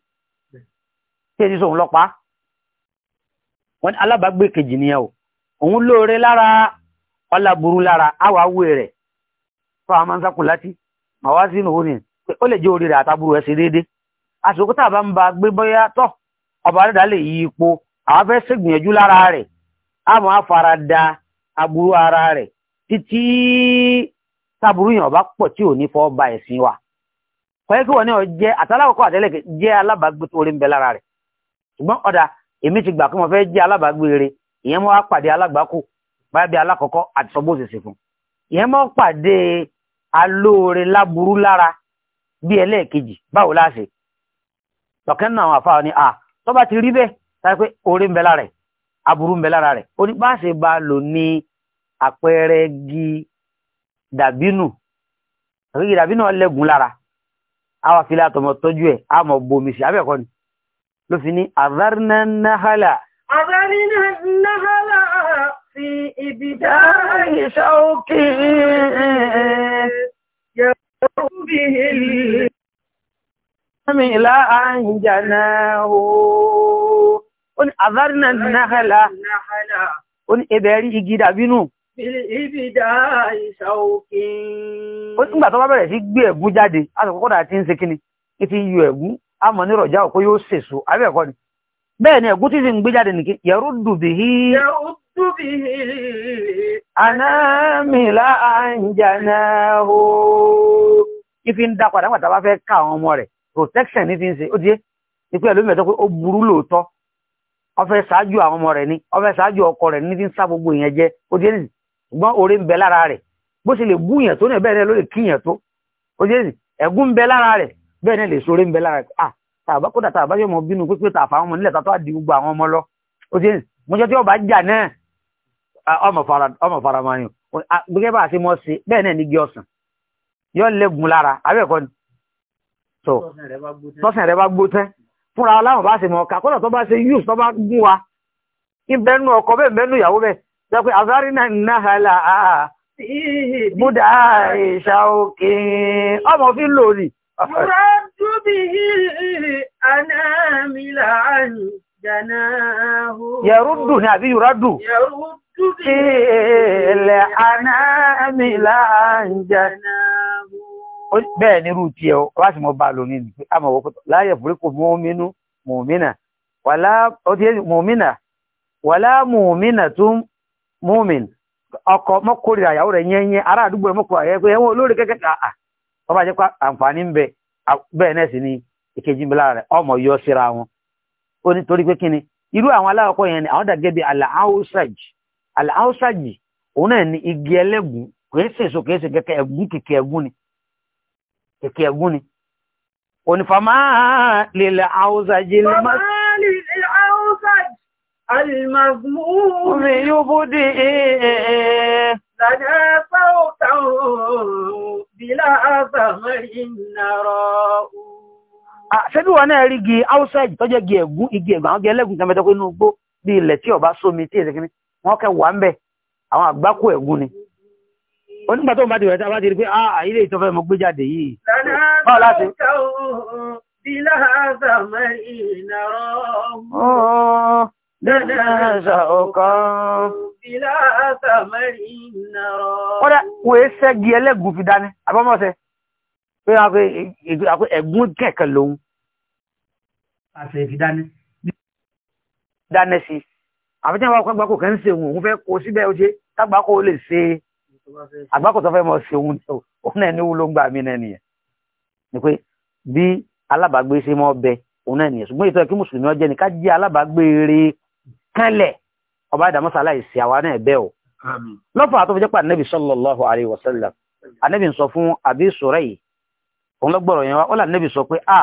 S2: tí èyí sóhun lọ́pa wọ́n ní alábàágbé kejì nìyẹn o òun lóore lára ọlá burú lára àwọ̀ awé rẹ̀ tó àwọn máa ń sákùn láti mà wá sínú òun nìyẹn ó lè jẹ́ orí rẹ̀ àtàbúrò ẹ̀ sí déédé àsìkò tá a bá ń ba gbé bóyá tọ́ ọba dàda lè yí ipò àwọn fẹ́ ṣègbìyànjú lára rẹ̀ àmọ́ àfaradà aburú ara rẹ̀ títí sábúrú yẹn ọba pọ̀ tí ò ní fọ́ ba ẹ̀sìn wa kọ́yẹ́ kí wọ́n ní ọ jẹ́ àtàlákọ̀kọ́ àtẹ́lẹ̀kẹ́ jẹ́ alábàágbé tó rí ń bẹ lára rẹ̀ ṣùgbọ́n ọ̀dà èmi ti gbà pé mo fẹ́ jẹ́ alábàágbé rere ìyẹn mo wá pàdé alágbàákù báyà bí alákọ̀ọ́kọ́ àti sọ bó fún ìyẹn mo pàdé alóore láburú lára bí ẹlẹ́ẹ̀kejì báwo la ṣe tọ̀kẹ́ àwọn àfáà ni ah tó bá ti rí bẹ́ẹ̀ táyé pé oore ń bẹ lára rẹ̀ dàbínù àkèké dàbínù ọlẹ́gùn lára àwọn àfilẹ́ àtọmọ tọ́jú ẹ̀ àmọ̀ bomi sí abẹ́ẹ̀kọ́ ni ló fi ní àdárínà náhálà.
S3: àdárínà náhálà fi ìbìdá ìṣà òkè yẹ̀wò bí ilé. Sami ìlà àǹjànà ooo. Ó ní àdárínà náhálà. Ó ní ẹbẹ̀ rí igi dàbínù. ó
S2: nígbà tó bá bẹ̀rẹ̀ sí gbé ẹ̀gún jáde àtọ̀kọ́kọ́ dà ti ń ṣe kíni kí ti yọ ẹ̀gún àmọ́ ní rọ̀já òkú yóò sèso abẹ́ẹ̀kọ́ ni bẹ́ẹ̀ ni ẹ̀gún tí sì ń gbé jáde nìkí yẹ̀rú dùbì hí o kí fi ọmọ rẹ̀ protection ní fi ń ó pé ọmọ rẹ̀ ni ọkọ rẹ̀ ní fi ń sá gbogbo ìyẹn ṣùgbọ́n orí ń bẹ lára rẹ̀ bó ṣe lè gúnyàn tó náà bẹ́ẹ̀ náà ló lè kíyàn tó ó ṣe èsì ẹ̀gún ń bẹ lára rẹ̀ bẹ́ẹ̀ náà lè ṣorí ń bẹ lára rẹ̀ ah tàbá kódà tàbá yóò mọ bínú pípé tàfà àwọn ọmọ nílẹ̀ tàtọ́ àdì gbogbo àwọn ọmọ lọ ó ṣe èsì mo jẹ́ tí ọba jà náà ọmọ faramayàn gbẹgẹ bá a ṣe mọ ṣe bẹ́ẹ̀ náà ní gé ọsàn yóò lẹgùn lára abẹ ẹkọ ni tó tọsàn rẹ bá gbó tán fúnra aláwọ bá ṣe mọ ọkà kódà tó bá
S3: ṣe yúùs tó bá gún wa ìbẹnu ọkọ bẹ́ẹ̀ bẹnu ìyàwó bẹ́ẹ̀ Dọ́pẹ́ àzárínà náhàlà àà múdà ìṣà òkè ọmọ fi ń lò rí. Rọ́dúbí ànámìlà àní jànáhù. Yẹ̀rúdù ni àbí Yorùdù. Yẹ̀rúdù bí ilẹ̀ ànámìlà àní Bẹ́ẹ̀ ni
S2: irú tiẹ̀ o, wá sí mo bá lò ní ìdí, a mọ̀ wọ́pọ̀ láyẹ̀ fúríkò mọ́mínú mọ̀mínà, wàlá mọ̀mínà tún múmin ọkọ mọ́kórìíra ìyàwó rẹ̀ yẹ́nyẹ́ ará àdúgbò rẹ̀ mọ́kórìíra ẹ̀ pé ẹ̀wọ̀n olórí kẹ́kẹ́ kà wọ́n bá jẹ́ pé àǹfààní ń bẹ náà sì ni ìkejì ń bẹ lára rẹ̀ ọmọ yọ síra wọn ó ní torí pé kí ni irú àwọn aláwọ̀kọ́ yẹn ni àwọn dàgẹ́ bíi àlàáhùsájì òun náà ni igi ẹlẹ́gùn kìí sèso sè
S3: المذموم يبدئه لنا صوتا بلا ثمر نراه
S2: ah, Ṣébí wọn náà rí igi Hausa ìjì tó jẹ́ igi ẹ̀gún igi ẹ̀gbọ́n àwọn igi ẹlẹ́gùn tẹ́mẹ́tẹ́ pé inú gbó bí ilẹ̀ tí ọba sómi tí èsì kìíní wọ́n kẹ́ wà ń bẹ̀ àwọn àgbákò ẹ̀gún ni. Onígbà tó ń bá ti rẹ̀ tá a bá ti rí pé àìlè ah, ìtọ́fẹ́ mo gbé jáde yìí. Báwo láti?
S3: Bí láhàá sàmẹ́ ìnàrọ̀. Dẹ́dẹ́sà ọkàn. Bílá àtàmẹ́rì nàrọ̀.
S2: Kọ́dá, wọ́n yé ṣẹ́gi ẹlẹ́gùn fi dání, àbámọ́sẹ̀. Pé wọ́n á pé ẹ̀gún kẹ̀kẹ́ lòun. Àṣẹ fi dání. Dání sí. Àbíjá wa kọ́ àgbákò kan ń ṣe òun, òun fẹ́ kó síbẹ̀ ó ṣe, tágbákò ó lè ṣe àgbákò tó fẹ́ mọ̀ ṣe Ni pé bí alábàágbé kanlẹ̀ ọba àdàmọ́sálà ìsì àwa náà ebe o lọ́fà tó fi jẹ́ pà nẹ́bì sallallahu alaihi sọ fún àbí sọ̀rọ̀ yìí òun lọ́gbọ̀rọ̀ yẹn wá ó là nẹ́bì sọ pé a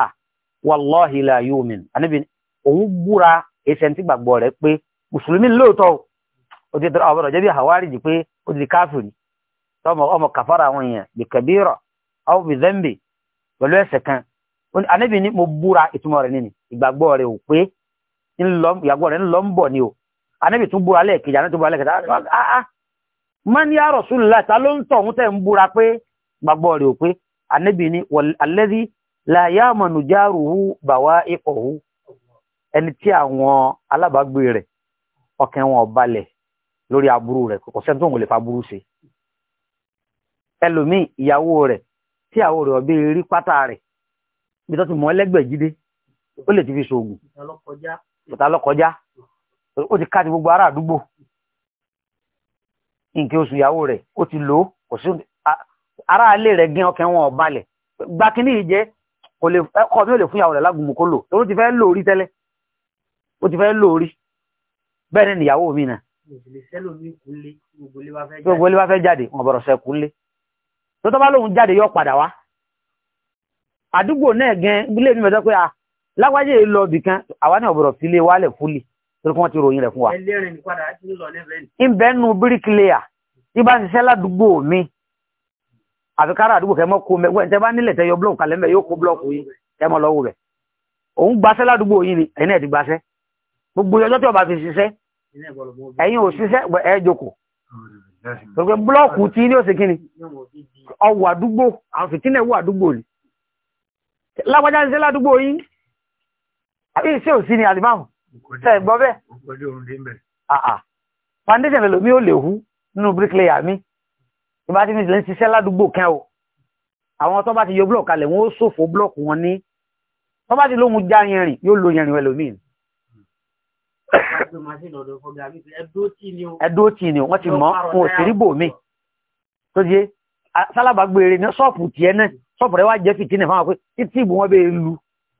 S2: wallahi la yu'min anẹ́bì òun búra ẹsẹ̀ tí gbàgbọ́ rẹ̀ pé mùsùlùmí lóòótọ́ ó ti dọ́rọ̀ ọ̀bọ̀rọ̀ àwárí pé ti di káfìrì ọmọ kàfàrà àwọn èèyàn pẹ̀lú kan ni mo búra ìtumọ̀ nínú ìgbàgbọ́ ò ìyàgbọ́ rẹ̀ ń lọ ń bọ̀ ni o anábì tún búra lẹ́ẹ̀kejì anábì tún búra lẹ́ẹ̀kejì ah má ní àrọ̀ súnlá ta ló ń tọ̀ ń tẹ̀ ń búra pé gbàgbọ́ rẹ̀ ò pé anábì ni alẹ́dí làyàmọ̀nù járuhu bàwá ikọ̀hu ẹni tí àwọn alábàágbé rẹ̀ ọkàn wọn balẹ̀ lórí aburú rẹ̀ kò sẹ́ni tó ń wọlé fa aburú ṣe ẹlòmíì ìyàwó rẹ̀ tí àwọn rẹ̀ ọ̀bẹ rí pátá rẹ̀ bí tó ti mọ́ ẹlẹ́gbẹ̀ẹ́ jíde ó lè ti fi ṣoògùn bàtà lọ́kọjá ó ti káàdì gbogbo ará àdúgbò nǹkan oṣù ìyàwó rẹ̀ ó ti lò ó kò sí ará ilé rẹ̀ gín ọkàn wọn balẹ̀ gba kínní yìí jẹ́ ọkọ mi ò lè fún ìyàwó rẹ̀ lágùnmù kó lò ó ti fẹ́ lò rí tẹ́lẹ̀ ó ti fẹ́ lò rí bẹ́ẹ̀ ni ìyàwó mi náà
S1: gbogbo ilé
S2: wa fẹ́ jáde wọn bọ̀rọ̀ sẹ́kù ńlé tó tọ́ bá lóun jáde yóò padà wá àdúgbò náà gan ilé mi mẹ́tọ́ pé lágbájá yìí lọ bì kan àwa náà gbọ́dọ̀ fi lé wálẹ̀ fúlì torí kí wọ́n ti ròyìn rẹ̀ fún wa. ìbẹ́nu bíríkìlẹ́yà tí ṣiṣẹ́ ládùúgbò mi àfi kára àdúgbò kẹ́ mọ́ kó mẹ́wọ́ ẹ̀ tẹ́ bá nílẹ̀ tẹ́ yọ blọ́ọ̀kù kalẹ̀ mẹ́ yóò kó blọ́ọ̀kù yìí kẹ́ mọ́ lọ́wọ́ rẹ̀ òun gbaṣẹ́ ládùúgbò yìí ni ẹ̀yin náà ti gbaṣẹ́ gbogbo ọjọ́ tí ọba fi ṣiṣẹ́ ẹ̀yin ò ṣiṣẹ́ ẹ jókòó blọ́ọ̀kù tí ní òsì kíni ọwọ́ àdúgbò àwọn àdúgbò ni lágbájá ṣiṣẹ́ ládùúgbò yìí àbí iṣẹ́ òsì ni alimamu ṣe gbọ́ bẹ́ẹ̀. foundation rẹ̀ lómi ò lè hu nínú bricklayer mi ìbá ti ní ìṣẹ̀lẹ̀ ń ṣiṣẹ́ ládùúgbò kẹ́ o àwọn tó bá ti yọ blọọkù kalẹ̀ wọn ó ṣòfò blọọkù wọn ní tó bá ti lóhun já yẹrin yóò lo yẹrin ẹlòmíì
S3: ẹdúró tí ni wọ́n ti mọ́ fún òsìrígbò
S2: mi tó jẹ́ sálábàgbére ní ṣọ́ọ̀pù tiẹ̀ náà ṣọ́ọ̀pù rẹ̀ wá jẹ́ fìtínẹ̀ fáwọn pé títí ìbò wọn bẹ́ẹ̀ lu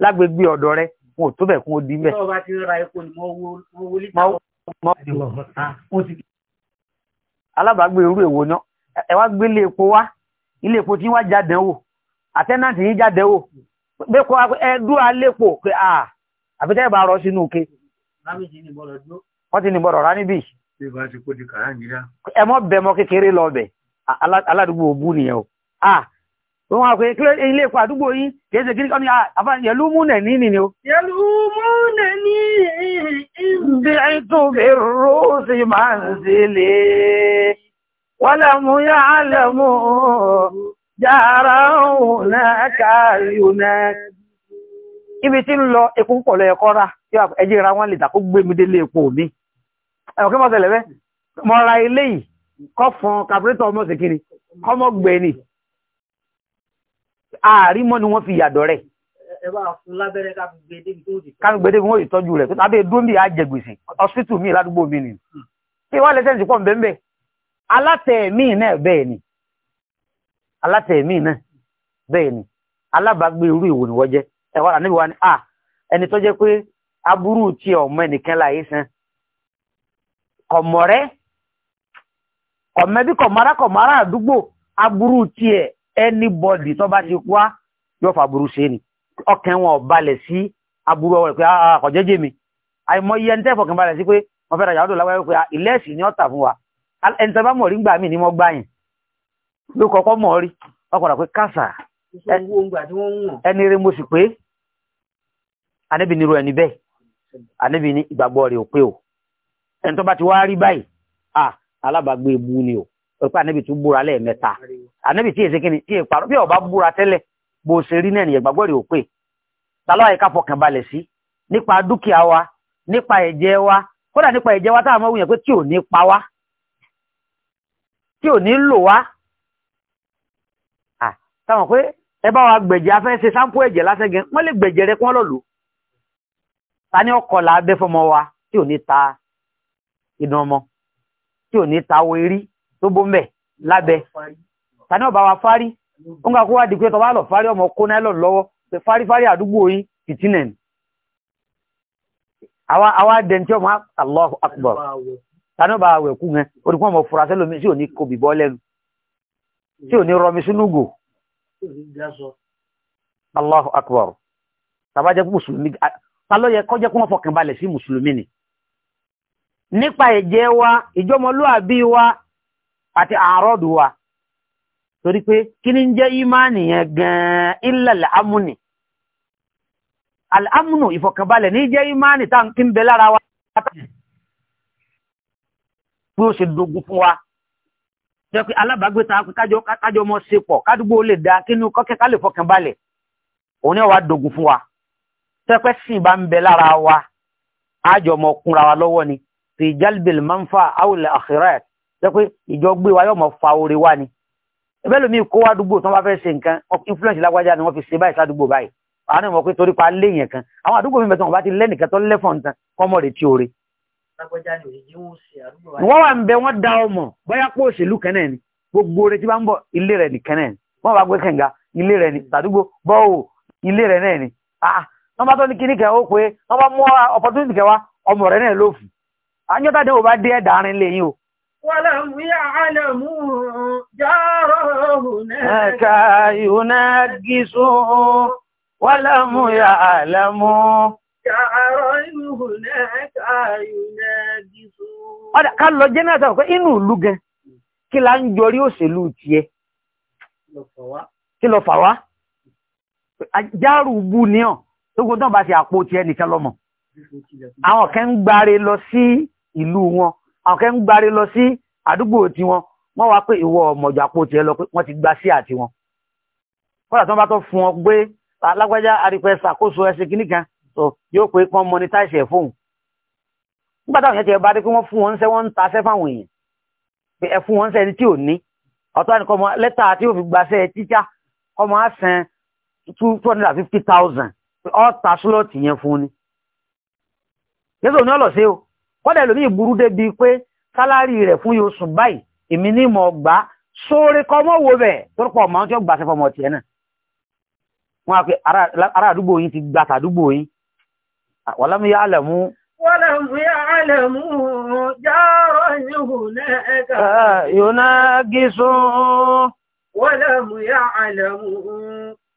S2: lágbègbè ọ̀dọ̀ rẹ̀ wọn ò tó bẹ̀ kún bẹ̀. ọba ti ra alábàágbé irú èwo ná ẹ wá gbélé epo wá ilé epo tí wá jáde wò àtẹ́nàtì yín jáde wò ẹ dúró ah, rọ sínú òkè. wọ́n ti ní rá níbí. ẹ Òun àpẹ ilé ìpò àdúgbò
S3: yìí kìí ṣe gíríkọ́ ní àfáà yẹ̀lú múnẹ̀ ní nìní o. Yẹ̀lú múnẹ̀ ní ìbí tí ń lọ epo púpọ̀ lọ ẹ̀kọ́ rà, ẹjẹ́ ra wọ́n
S2: lè dà gbé mi délé epo mi. Ẹ̀wọ̀n kí mọ́ tẹ̀lẹ̀ bẹ́, mọ́ ra ilé yìí, kọ́ fún kàbúrétọ̀ ọmọ sí kiri, kọ́ mọ́ gbẹ̀ ni. àrímọ́ ni wọ́n fi yàdọ̀ rẹ̀ kánú gbèdéke wọ́n ìtọ́jú rẹ̀ tàbí dómi àjẹgbèsè hospital mi ládùúgbò mi nì hmm. wọ́n lẹ́sẹ̀ ìsìnkú ọ̀bẹ̀m̀bẹ̀ alátẹ̀ẹ̀mí a ọmọ ẹnìkan láyé kọ̀mọ̀rẹ́ àdúgbò aburú anybody tó bá ti wá yóò fa aburú ṣe ni ọkàn wọn ò balẹ̀ sí aburú ọwọ́ rẹ̀ pé àkọ́jẹ́jẹ́ ah, ah, mi àìmọ̀ iye ẹni tẹ́fọ̀ kan balẹ̀ sí pé wọ́n fẹ́ra yàrá tó láwáyé pé ilé ah, ẹ̀sìn ni ó tà fún wa ẹni tẹ́ bá mọ̀ rí gbà mí ni mo gbà yẹn ló kọ́kọ́ mọ̀ rí ọkọ̀ rẹ̀ pé kásà ẹni rẹ̀ mo sì pé anábì nírú ẹni bẹ́ẹ̀ anábì ní ìgbàgbọ́ rẹ̀ ò pé o ẹni tó bá ti wá rí báyìí alábàágbé ebu ni o pẹ̀pẹ́ ànábì tún búra lẹ́ẹ̀mẹ́ta ànábì tí èsì kíni tí è parọ́ bí ọba búra tẹ́lẹ̀ bó ṣe rí náà nìyẹn gbàgbọ́ rẹ̀ ò pé tàlọ́ àyíká fọkàn balẹ̀ sí nípa dúkìá wa nípa ẹ̀jẹ̀ wa kódà nípa ẹ̀jẹ̀ wa táwọn ọmọ yẹn pé tí ò ní pa wá tí ò ní lò wá táwọn pé ẹ bá wa gbẹ̀jẹ̀ afẹ́ ṣe sáńpù ẹ̀jẹ̀ lásán wọ́n lè gbẹ̀jẹ̀ rẹ kí wọ́n ta ni ọkọ̀ là bẹ́ fọmọ wa tí ò ní ta ìdán ọmọ tí ò ní ta wo erí tó bó ń bẹ̀ tani ọba wa fari, ó ń ga kó wá di pé tọba lọ fari ọmọ kó náírà lọ́wọ́ pé fárí fárí àdúgbò yìí fìtínẹ̀ ni àwa àwa dẹ̀ntì ọmọ Allahu Akbar tani ọba wa kú yẹn ó ní kó ọmọ fura sẹ́lómi tí ò ní kobì bọ́ lẹ́nu tí rọmi sínú gò Allahu Akbar tàbá jẹ́ mùsùlùmí tàlọ́ yẹ kọjẹ́ kún fọkànbalẹ̀ sí mùsùlùmí ni nípa ìjẹ́ wa ìjọmọlúàbí wa àti àárọ̀dù wa torí pé kí ní jẹ́ ìmáànì yẹn gan-an illa al-amni al-amnu ìfọ̀kànbalẹ̀ ní jẹ́ ìmáànì tá kí ń bẹ lára wa bí ó ṣe dogun fún wa jẹ́ pé alábàágbé ta kájọ mọ́ ṣe pọ̀ kádùgbò lè da kí bá ń bẹ lára wa ájọ wa lọ́wọ́ ni fi jalbil manfa awul akhirat jẹ́ pé ìjọ gbé wa yóò mọ̀ fa oore wa ni ẹbẹ́ lómi kó wá dúgbò tí wọ́n bá fẹ́ ṣe nǹkan influence lágbájá ni wọ́n fi ṣe báyìí sádùgbò báyìí àwọn ìmọ̀ pé torí pa lé yẹn kan àwọn àdúgbò mi bẹ̀tọ̀ wọn bá ti lẹ́nìkan tó lẹ́fọ̀n nǹkan kọ́mọ̀ rẹ̀ tí oore. wọ́n wà ń bẹ wọ́n da ọmọ bóyá pé òṣèlú kan náà ni gbogbo oore tí bá ń bọ̀ ilé rẹ̀ nìkan náà ni wọ́n bá gbé kànga ilé rẹ̀ ni tàdúgbò bọ́ọ̀ ilé rẹ̀ náà ni ah, wọ́n bá tó ní kíní kan ó pé wọ́n bá mú opportunity kan wá ọmọ rẹ̀ náà lófù àyọ́tàdé ò bá dé ẹ̀dà àárín lẹ́yìn o
S3: ولم يعلموا جاره هناك ينجسه ولم يعلموا جاره هناك ينجسه
S2: ọ̀dà ká lọ jẹ́ náà sọ̀rọ̀ pé inú ìlú gan kí la ń jọrí òṣèlú tiẹ̀ kí lọ fà wá járù bú ní ọ̀ tó gbọ́dọ̀ bá ti àpò tiẹ̀ nìkan lọ́mọ̀ àwọn kan ń gbáre lọ sí ìlú wọn àwọn kẹ́ ń gbáre lọ sí àdúgbò tiwọn wọ́n wá pé ìwọ ọmọjà pò tiẹ̀ lọ pé wọ́n ti gba sí àtiwọn kọ́dà tí wọ́n bá tó fún ọ gbé alágbájá ah, arípẹ́ ṣàkóso ẹsẹ̀ kìíní kan tó yóò pé kán monetize ẹ̀ fóun nígbà táwọn yẹn ti ẹ̀ bá dé pé wọ́n fún wọn ń sẹ́ wọ́n ń taṣẹ́ fáwọn èèyàn pé ẹ fún wọn ń ẹni tí ò ní ọ̀tọ́ àni kọ́mọ lẹ́tà tí yóò fi gbaṣẹ́ tíṣà kọ́mọ á two hundred and fifty thousand ọ́ ta slọ́ọ̀tì yẹn fún ni yẹ́sọ̀ ní ọ̀lọ́sẹ̀ kọ́dà ìlú mi burú débi pé sálárì rẹ̀ fún yóò sùn báyìí èmi ní mọ̀ gbà sóore kọ́ mọ́ wo bẹ̀ torípọ̀ ọmọ tí ó gbà sẹ́fọ́ ọmọ tiẹ̀ náà wọ́n á pe ará àdúgbò yín ti gbà sàdúgbò yín wàlámù yá àlẹ̀ mú.
S3: wàlámù yá àlẹ̀ mú járọ̀ yóò náà ẹ̀ka. yóò náà gé sún. wàlámù yá àlẹ̀ mú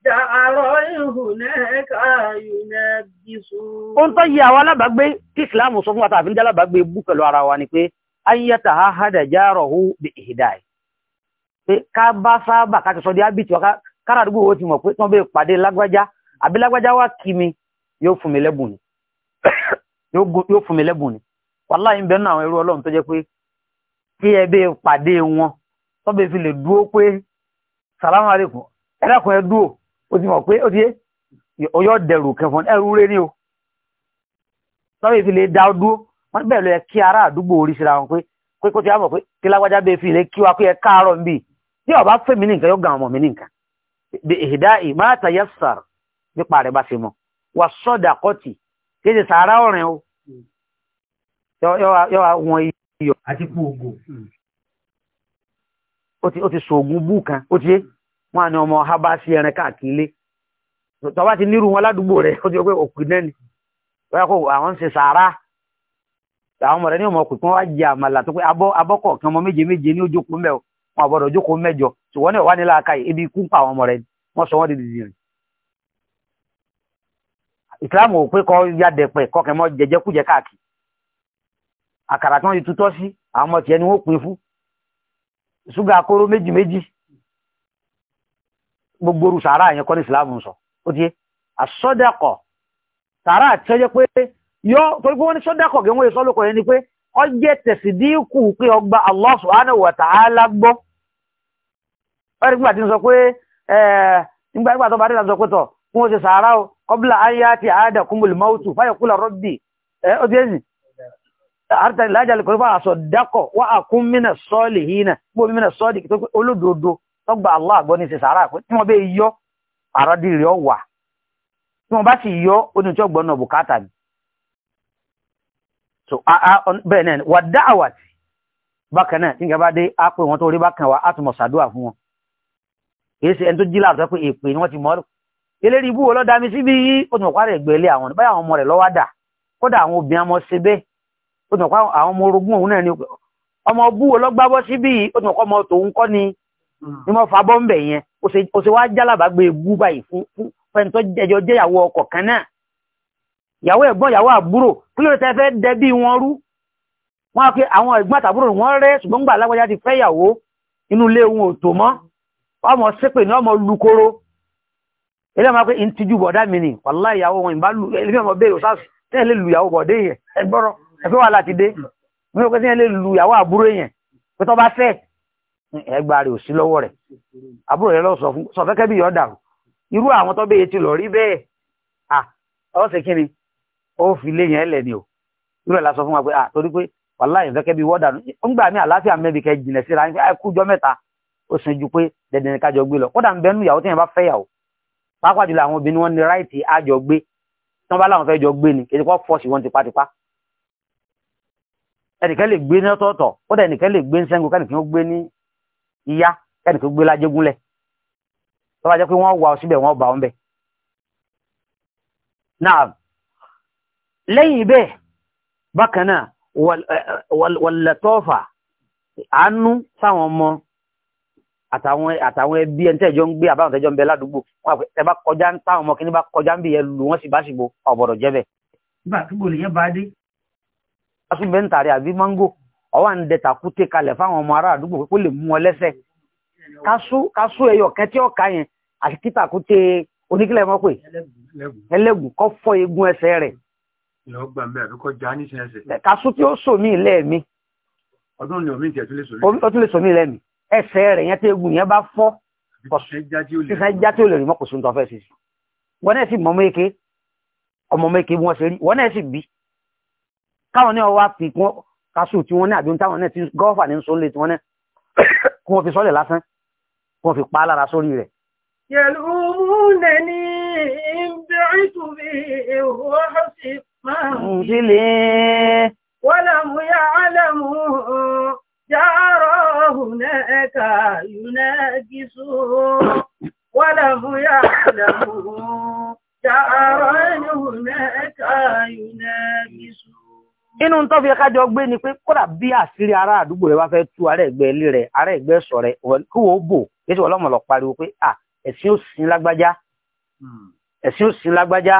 S3: Dàárọ̀ ìhùnẹ́ka yùnẹ́bìsù. Ó ń tọ́ yí àwọn alábàágbé tí
S2: Ìsìláàmù sọ fún wa tàbí Islam alábàágbé bú pẹ̀lú ara wa ni pé, Ayyata ha bí Pé ká bá sọ di ábìtì wa kára àdúgbò wo ti mọ̀ pé lágbájá, àbí lágbájá wá kí mi yóò fún mi lẹ́bùn ni. Yóò fún mi ẹrú Ọlọ́run tó jẹ́ pé kí ẹ bẹ pàdé wọn, fi lè dúó ó ti mọ̀ pé ó ti yé ọyọ́ dẹ̀rù kẹfọ́n ẹrú rẹ ní o sọ́wọ́ ìfi lè dá ọ dúró wọ́n bẹ̀rẹ̀ lọ yẹ kí ará àdúgbò orí síra wọn pé pé kó ti á mọ̀ pé kí lágbájá bẹ́ẹ̀ fi lè kí wa pé ẹ káàárọ̀ ń bì tí ọba fẹ́ mi ní nǹkan yóò gan ọmọ mi ní nǹkan ìdá ìmáàtà yẹ sàr nípa rẹ̀ bá ṣe mọ̀ wà sọ́dà kọ́tì kí ṣe sàárá o yọ wa wọn iyọ̀ àti kú ogun ó ti so ogun bú kan ó ti yé wọn àni ọmọ ọha bá sí ẹran káàkiri ilé tọba ti nírú wọn ládùúgbò rẹ ó ti rọ pé òpin náà ni wọ́n yà kó àwọn ń ṣe sàárà àwọn ọmọ rẹ ní ọmọ òpin kí wọ́n wá jẹ àmàlà tó pé abọ́ abọ́kọ̀ kan ọmọ méje méje ní ojókòó mẹ́ o wọn àbọ̀dọ̀ ojókòó mẹ́jọ ṣùgbọ́n náà wà ní láàka yìí ebi ikú ń pa àwọn ọmọ rẹ wọ́n sọ wọ́n di dìdì rìn. ìsìlámù ò pé kọ́ ya dẹ̀pẹ̀ kọ́kẹ́ mọ́ jẹjẹkújẹ káàkiri àkàrà tí wọ́n ti tutọ́ sí àwọn ọmọ tiẹ̀ ni wọ́n pin fún ṣúgà kóró méjì méjì gbogbo orú sàárà yẹn kọ́ ní ìsìláàmù sọ ó ti àsọdẹ́kọ̀ sàárà tí ó jẹ́ pé yọ torí pé wọ́n ní sọdẹ́kọ̀ gẹ́gẹ́ wọ́n sọ lóko yẹn ni pé ó jẹ́ tẹ̀sídíkù pé ọgbà Allah subhanahu wa ta'ala gbọ́ ó rí nígbà tí ń sọ pé nígbà tó bá dé láti sọ pé tọ̀ fún oṣù sàárà tọ́gbà Allah gbọ́ ní ṣe sàárà pé tí wọ́n bẹ́ yọ àròdì rẹ̀ wà tí wọ́n bá sì yọ oní gbọ́nà bùkátà ni. so bẹ́ẹ̀ náà wà dá àwàtì bákan náà tí nǹkan bá dé á pé wọ́n tó rí bákan wa á tún mọ̀ sàdúà fún wọn. èyí ṣe ẹni tó jí láàbùtọ́ pé èpè ni wọ́n ti mọ́ eléri ibú wo lọ́dà mi síbi yìí ó tún mọ̀ pàrọ̀ ìgbélé àwọn ní ni ọmọ bú wo lọ́gbàbọ́ síbi yìí ó tún mọ̀ pàrọ̀ ọmọ Hmm. ni mo fa bọ́m̀bẹ̀ yẹn o o ṣe wá jálàbá gbé egú báyìí fún fẹ́ntọ́ jẹjọ jẹ́yàwó ọkọ kan náà ìyàwó ẹ̀gbọ́n ìyàwó àbúrò kí ló tẹ́ fẹ́ dẹbí wọn rú wọn á pé àwọn ẹ̀gbọ́n àtàbúrò wọ́n rẹ́ ṣùgbọ́n gbà lágbájá ti fẹ́ ìyàwó o ilé wọn ò tò mọ́ ọmọ ṣépè o ọmọ lukoro ilé máa pé n tijú bọ̀dá mi nì wàlá ìyàwó wọn ìbá lu ilé ọmọ o òṣàṣù tẹ́ẹ̀ lè lu ìyàwó bọ̀dé yẹn ẹgbọ́rọ̀ ẹ̀fẹ́ wà láti dé mi o pé tẹ́ẹ̀ lè lu ìyàwó àbúrò yẹn pé tọ́ bá fẹ́ẹ̀ ẹgbà rẹ̀ ò sí lọ́wọ́ rẹ̀ àbúrò rẹ̀ lọ sọ fún sọ fẹ́kẹ́ bí yọ dàrú irú àwọn tó bẹ́ẹ̀ ti lọ rí bẹ́ẹ̀ à ọ̀sẹ̀ kí ni ó fi lé yẹn lẹ̀ ni o irú ẹ̀ la sọ fún wa pé à torí pé wàhálà yẹn fẹ́kẹ́ bí wọ́ dàrú ń gbà mí àlàáfíà mẹ́bi kẹ́ jìnà síra ẹ̀ kújọ́ mẹ́ta ó sìn ju pé dẹ̀dẹ̀ kájọ gbé lọ kódà ń bẹnu ìyàwó téèyàn bá fẹ́ yàwó pàápàá jùlọ àwọn obìnrin wọn ní ráìtì àjọ gbé tí wọn bá láwọn fẹ́ jọ gbé ni kí ni wọn fọ́ọ̀sì wọn tipátipá ẹnìkan lè gbé ní ọ̀tọ̀ọ̀tọ̀ kódà ẹnìkan lè gbé ní sẹ́ńgó kẹ́nìkan ó gbé ní ìyá ẹnì tó gbé lájégúnlẹ̀ tó bá jẹ́ pé wọ́n wà ọ síbẹ̀ wọ́n bà ọ́ bẹ̀. náà lẹ́yìn bẹ́ẹ̀ bákan náà wọ̀lẹ̀tọ́fà àánú sáwọn ọmọ àtàwọn ẹbí ẹni tẹ́jọ ń gbé àbáwọn tẹ́jọ ń bẹ ládùúgbò wọn àpẹ ẹ bá kọjá táwọn ọmọ kìíní bá kọjá ń bì yẹn lù wọn sì bá sì bo ọ̀bọ̀dọ̀ jẹ́ bẹ̀.
S3: nígbà tí gbòòlù yẹn bá dé.
S2: aṣọ ìbẹ́ ń tàrí àbí mango ọwà ń dẹta kúté kalẹ̀ fáwọn ọmọ ará àdúgbò kó lè mú wọn lẹ́sẹ̀ kású ẹyọ kẹtí ọ̀ka yẹn àti kíta kúté oníkílẹ̀ mọ́ pé ẹlẹ́gùn kọ́ fọ́ eegun ẹsẹ̀ rẹ̀ kású tí ó sò mí lẹ́ẹ̀mí
S1: ọdún ni omi ìtẹ̀ tún lè sò
S2: mí lẹ́ẹ̀mí ẹsẹ̀ rẹ̀ yẹn tí eegun yẹn bá fọ́ sísan já tí ó lè rí mọ́kùsù ń tọ́fẹ́ sí i wọ́n náà sì mọ́ mẹ́kẹ́ ọmọ mẹ́kẹ́ wọ́n ṣe rí wọ́n náà sì bí káwọn ní ọwọ́ àfikún sásù tí wọ́n ní àbí táwọn náà ti gọ́ọ̀fà ní sólè tí wọ́n ní kí wọ́n fi sọ́lẹ̀ lásán kí fi pa lára sórí rẹ̀.
S3: yẹ̀lúmúnẹ̀ni ìbẹ̀rìtùbí ìrọ̀hásí máa ń sílé wọ́làmú
S2: inú tó fi kájọ gbé ni pé kódà bí àṣírí ará àdúgbò rẹ bá fẹ́ tú ará ẹ̀gbẹ́ ilé rẹ ará ẹ̀gbẹ́ ẹ̀sọ̀ rẹ kí wọ́n bò kí wọ́n lọ́mọ lọ pariwo pé à ẹ̀sìn òsín lágbájá hmm. ẹ̀sìn òsín lágbájá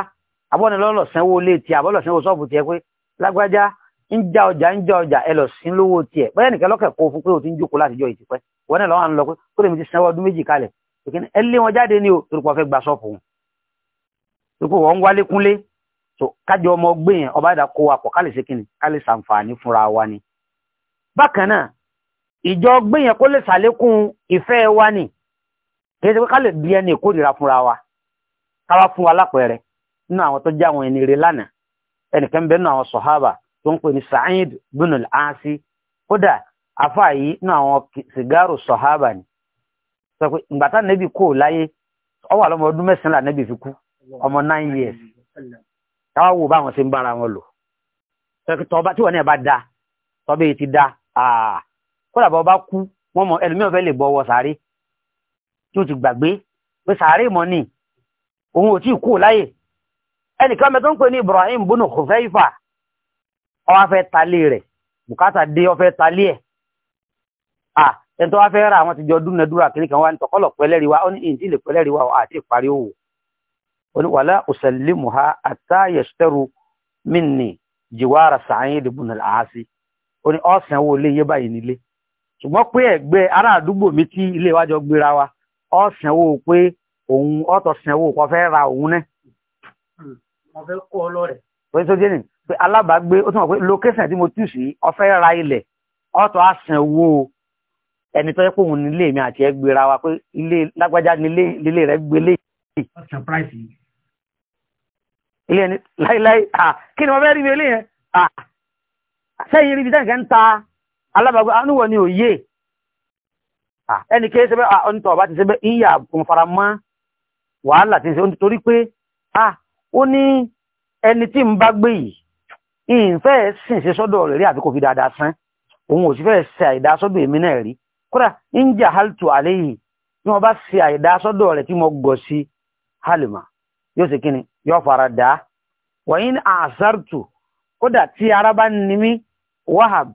S2: abọ́ni lọ́lọ́ sanwó ilé tiẹ̀ abọ́lọ́ sanwó ṣọ́ọ̀bù tiẹ̀ pé lágbájá ń já ọjà ń já ọjà ẹ lọ sín lówó tiẹ̀ bóyá nìkan lọ́kẹ̀ kó fún pé o ti ń jókòó látijọ́ yìí ti wọn náà lọ́wọ́ so kájọ ọmọ gbé ọba ìdá kó wa pọ̀ ká lè ṣe kíni ká lè ṣàǹfààní fúnra wa ni. bákan náà ìjọ gbé yẹn kó lè ṣàlékún ìfẹ́ wa ni kì í ṣe pé ká lè bí ẹni ìkórìíra fúnra wa ká wá fún wa lápẹẹrẹ nínú àwọn tó jẹ́ àwọn ẹni rere lánàá ẹnìkan bẹ́ẹ̀ nínú àwọn tó ń pè ní bin al kódà afa yìí nínú àwọn ni sọ pé ìgbà tá nẹ́bí kò láyé ọwọ́ àlọ́mọ ọdún mẹ́sàn-án fi kú ọmọ nine years táwọn wò báwọn ṣe ń bára wọn lò tọba tí wọn náà bá da tọba yìí ti da kódà bá kú wọn mọ ẹlòmíràn fẹ́ lè bọ ọwọ́ sàárè tí ó ti gbàgbé pé sàárè mọ́ ni òun ò tí ì kú láyè ẹnìkan mẹ́tọ́ ń pè ní Ibrahim bunu Khuzaifa ọwọ́ fẹ́ talé rẹ̀ bùkátà dé ó fẹ́ talé ẹ̀ ẹni tó wá fẹ́ ra àwọn ti jọ dúnadúrà kìnnìkan wa ní tọkọlọ pẹ́lẹ́rìí wa ó ní ìyìn tí wa àti ìparí òwò wàlá òsèlémùhá àtàyẹ̀sítẹ́rù mínì jìwára sàáyìn ìdìbùn àásí ó ní ọ̀sán owó ilé yé báyìí nílé ṣùgbọ́n pé ẹ̀gbẹ́ ará àdúgbò mi tí ilé wa jọ gbéra wa pé òun fẹ́ ra òun náà. kó ọ lọ́rẹ̀. pé tó jẹ́ nì pé alábàágbé ó tún mọ̀ pé location tí mo sí ra ilẹ̀ ọtọ ẹni tó yẹ mi àti ẹ gbéra wa pé ilé lágbájá nílé rẹ gbélé surprise yìí. ilé kí ni wọ́n fẹ́ rí mi ilé yẹn sẹ́yìn rí ibi ń ta alábàgbé anúwọ̀ ni òye ẹni kí ṣe bẹ́ ọ̀nìtọ̀ ọba ti ṣe bẹ́ ìyà òǹfara mọ́ wàhálà ti ṣe torí pé ó ní ẹni tí ń bá gbé yìí ìǹfẹ́ sìn ṣe sọ́dọ̀ rẹ̀ rí àbí kò fi dáadáa sán òun ò sì fẹ́ ṣe àìdá sọ́dọ̀ èmi náà rí kódà ń jà háltù àléyìí ni wọ́n bá ṣe àìdá sọ́dọ̀ rẹ̀ tí mo gọ̀ sí i halima yóò ṣe kí ni yóò fara dà wa in àṣàrtù kódà tí ara bá ní mí wahab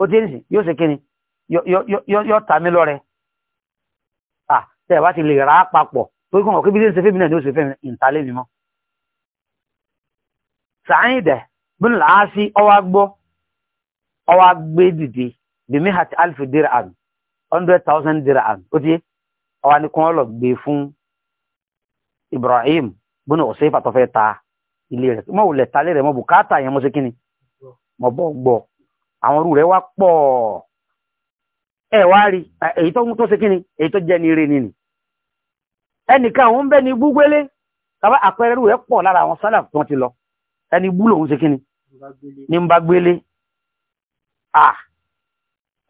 S2: ó ti ń sìn yóò ṣe kí ni yóò tà mí lọ́rẹ ah tẹ́ ẹ̀ bá ti lè rà á papọ̀ torí kan ọ̀kẹ́ bí ṣe fẹ́mi náà ni ó ṣe fẹ́mi ìntàlẹ́ mi mọ́ sàáyìndẹ̀ bin làásí ọwá gbọ́ ọwá gbé dìde bèmí àti alfi dirham hundred thousand dirham ó ti ọwá ní kí wọ́n lọ gbé fún Ibrahim bónú ọ̀sẹ̀ ìfàtọ̀ fẹ́ ta ilé rẹ̀ mọ̀ wùlẹ̀ ta ilé rẹ̀ mọ̀ bùkátà yẹn mo ṣe kí ni mo bọ̀ gbọ̀ àwọn orú rẹ̀ wá pọ̀ ẹ wá rí èyí tó tó ṣe kí ni èyí tó jẹ́ ni ire nìyí ẹnìkan òun bẹ́ ni búgbélé tàbá àpẹẹrẹ rẹ̀ pọ̀ lára àwọn sálà tó ti lọ ẹni bú lòun ṣe kí ni ní ń bá gbélé à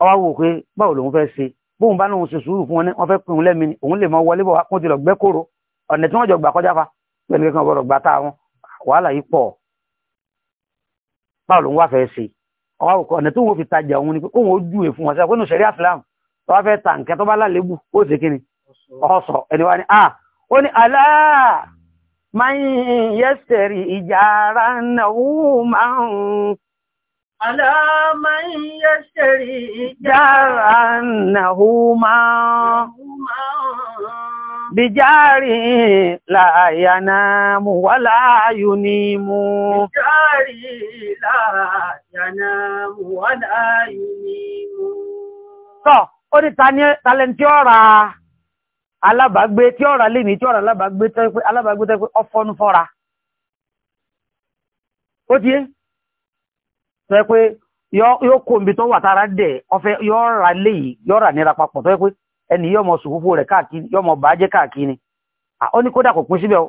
S2: ọwọ́ wò pé báwo lòun fẹ́ ṣe bóun bá lóun ṣe sùúrù fún wọn ní wọ́n fẹ́ pinnu lẹ́mìí òun lè mọ wọlé bọ̀ wá kó ti lọ gbẹ́kòrò ọ̀nà tí wọ́n jọ gbà kọjá fa pẹ̀lú kankan gbọ́dọ̀ gbà tá àwọn wàhálà yìí pọ̀ báwo ló ń wá fẹ́ ṣe ọwọ́ àwòkọ́ ọ̀nà tó wọ́n fi tajà òun ni pé kóun ó júwe fún wọn sí àpẹẹrẹ sẹ̀rí àsìlám tó wá fẹ́ ta nǹkan tó bá lálébù ó ṣe kíni ọ̀sọ̀ ẹni wá ní à ó ní àlá
S3: máa ń yẹ́sẹ̀rì ìjà ara náà máa ń Àlá máa ń yẹ́ṣẹ̀rí ìjára náà hù máa ń. Bìjárì láàyànà mú wà láàyò ní mú. Bìjárì láàyànà mú wà láàyò ní mú. Tọ́, ó ní
S2: talenti ọ̀rà alábàágbé tí ọ̀rà lè ní tí ọ̀rà alábàágbé tẹ́ pé ọfọ́nú fọ́ra. Ó ti yé? Tẹ́ pé yóò kó ibi tó wà tára dẹ̀ ọfẹ́ yóò rà léyìí yóò rà níra papọ̀ tẹ́ pé ẹni yọmọ sòfófó rẹ̀ káàkiri yọmọ bàájẹ́ káàkiri ó ní kódà kò pín síbẹ̀ o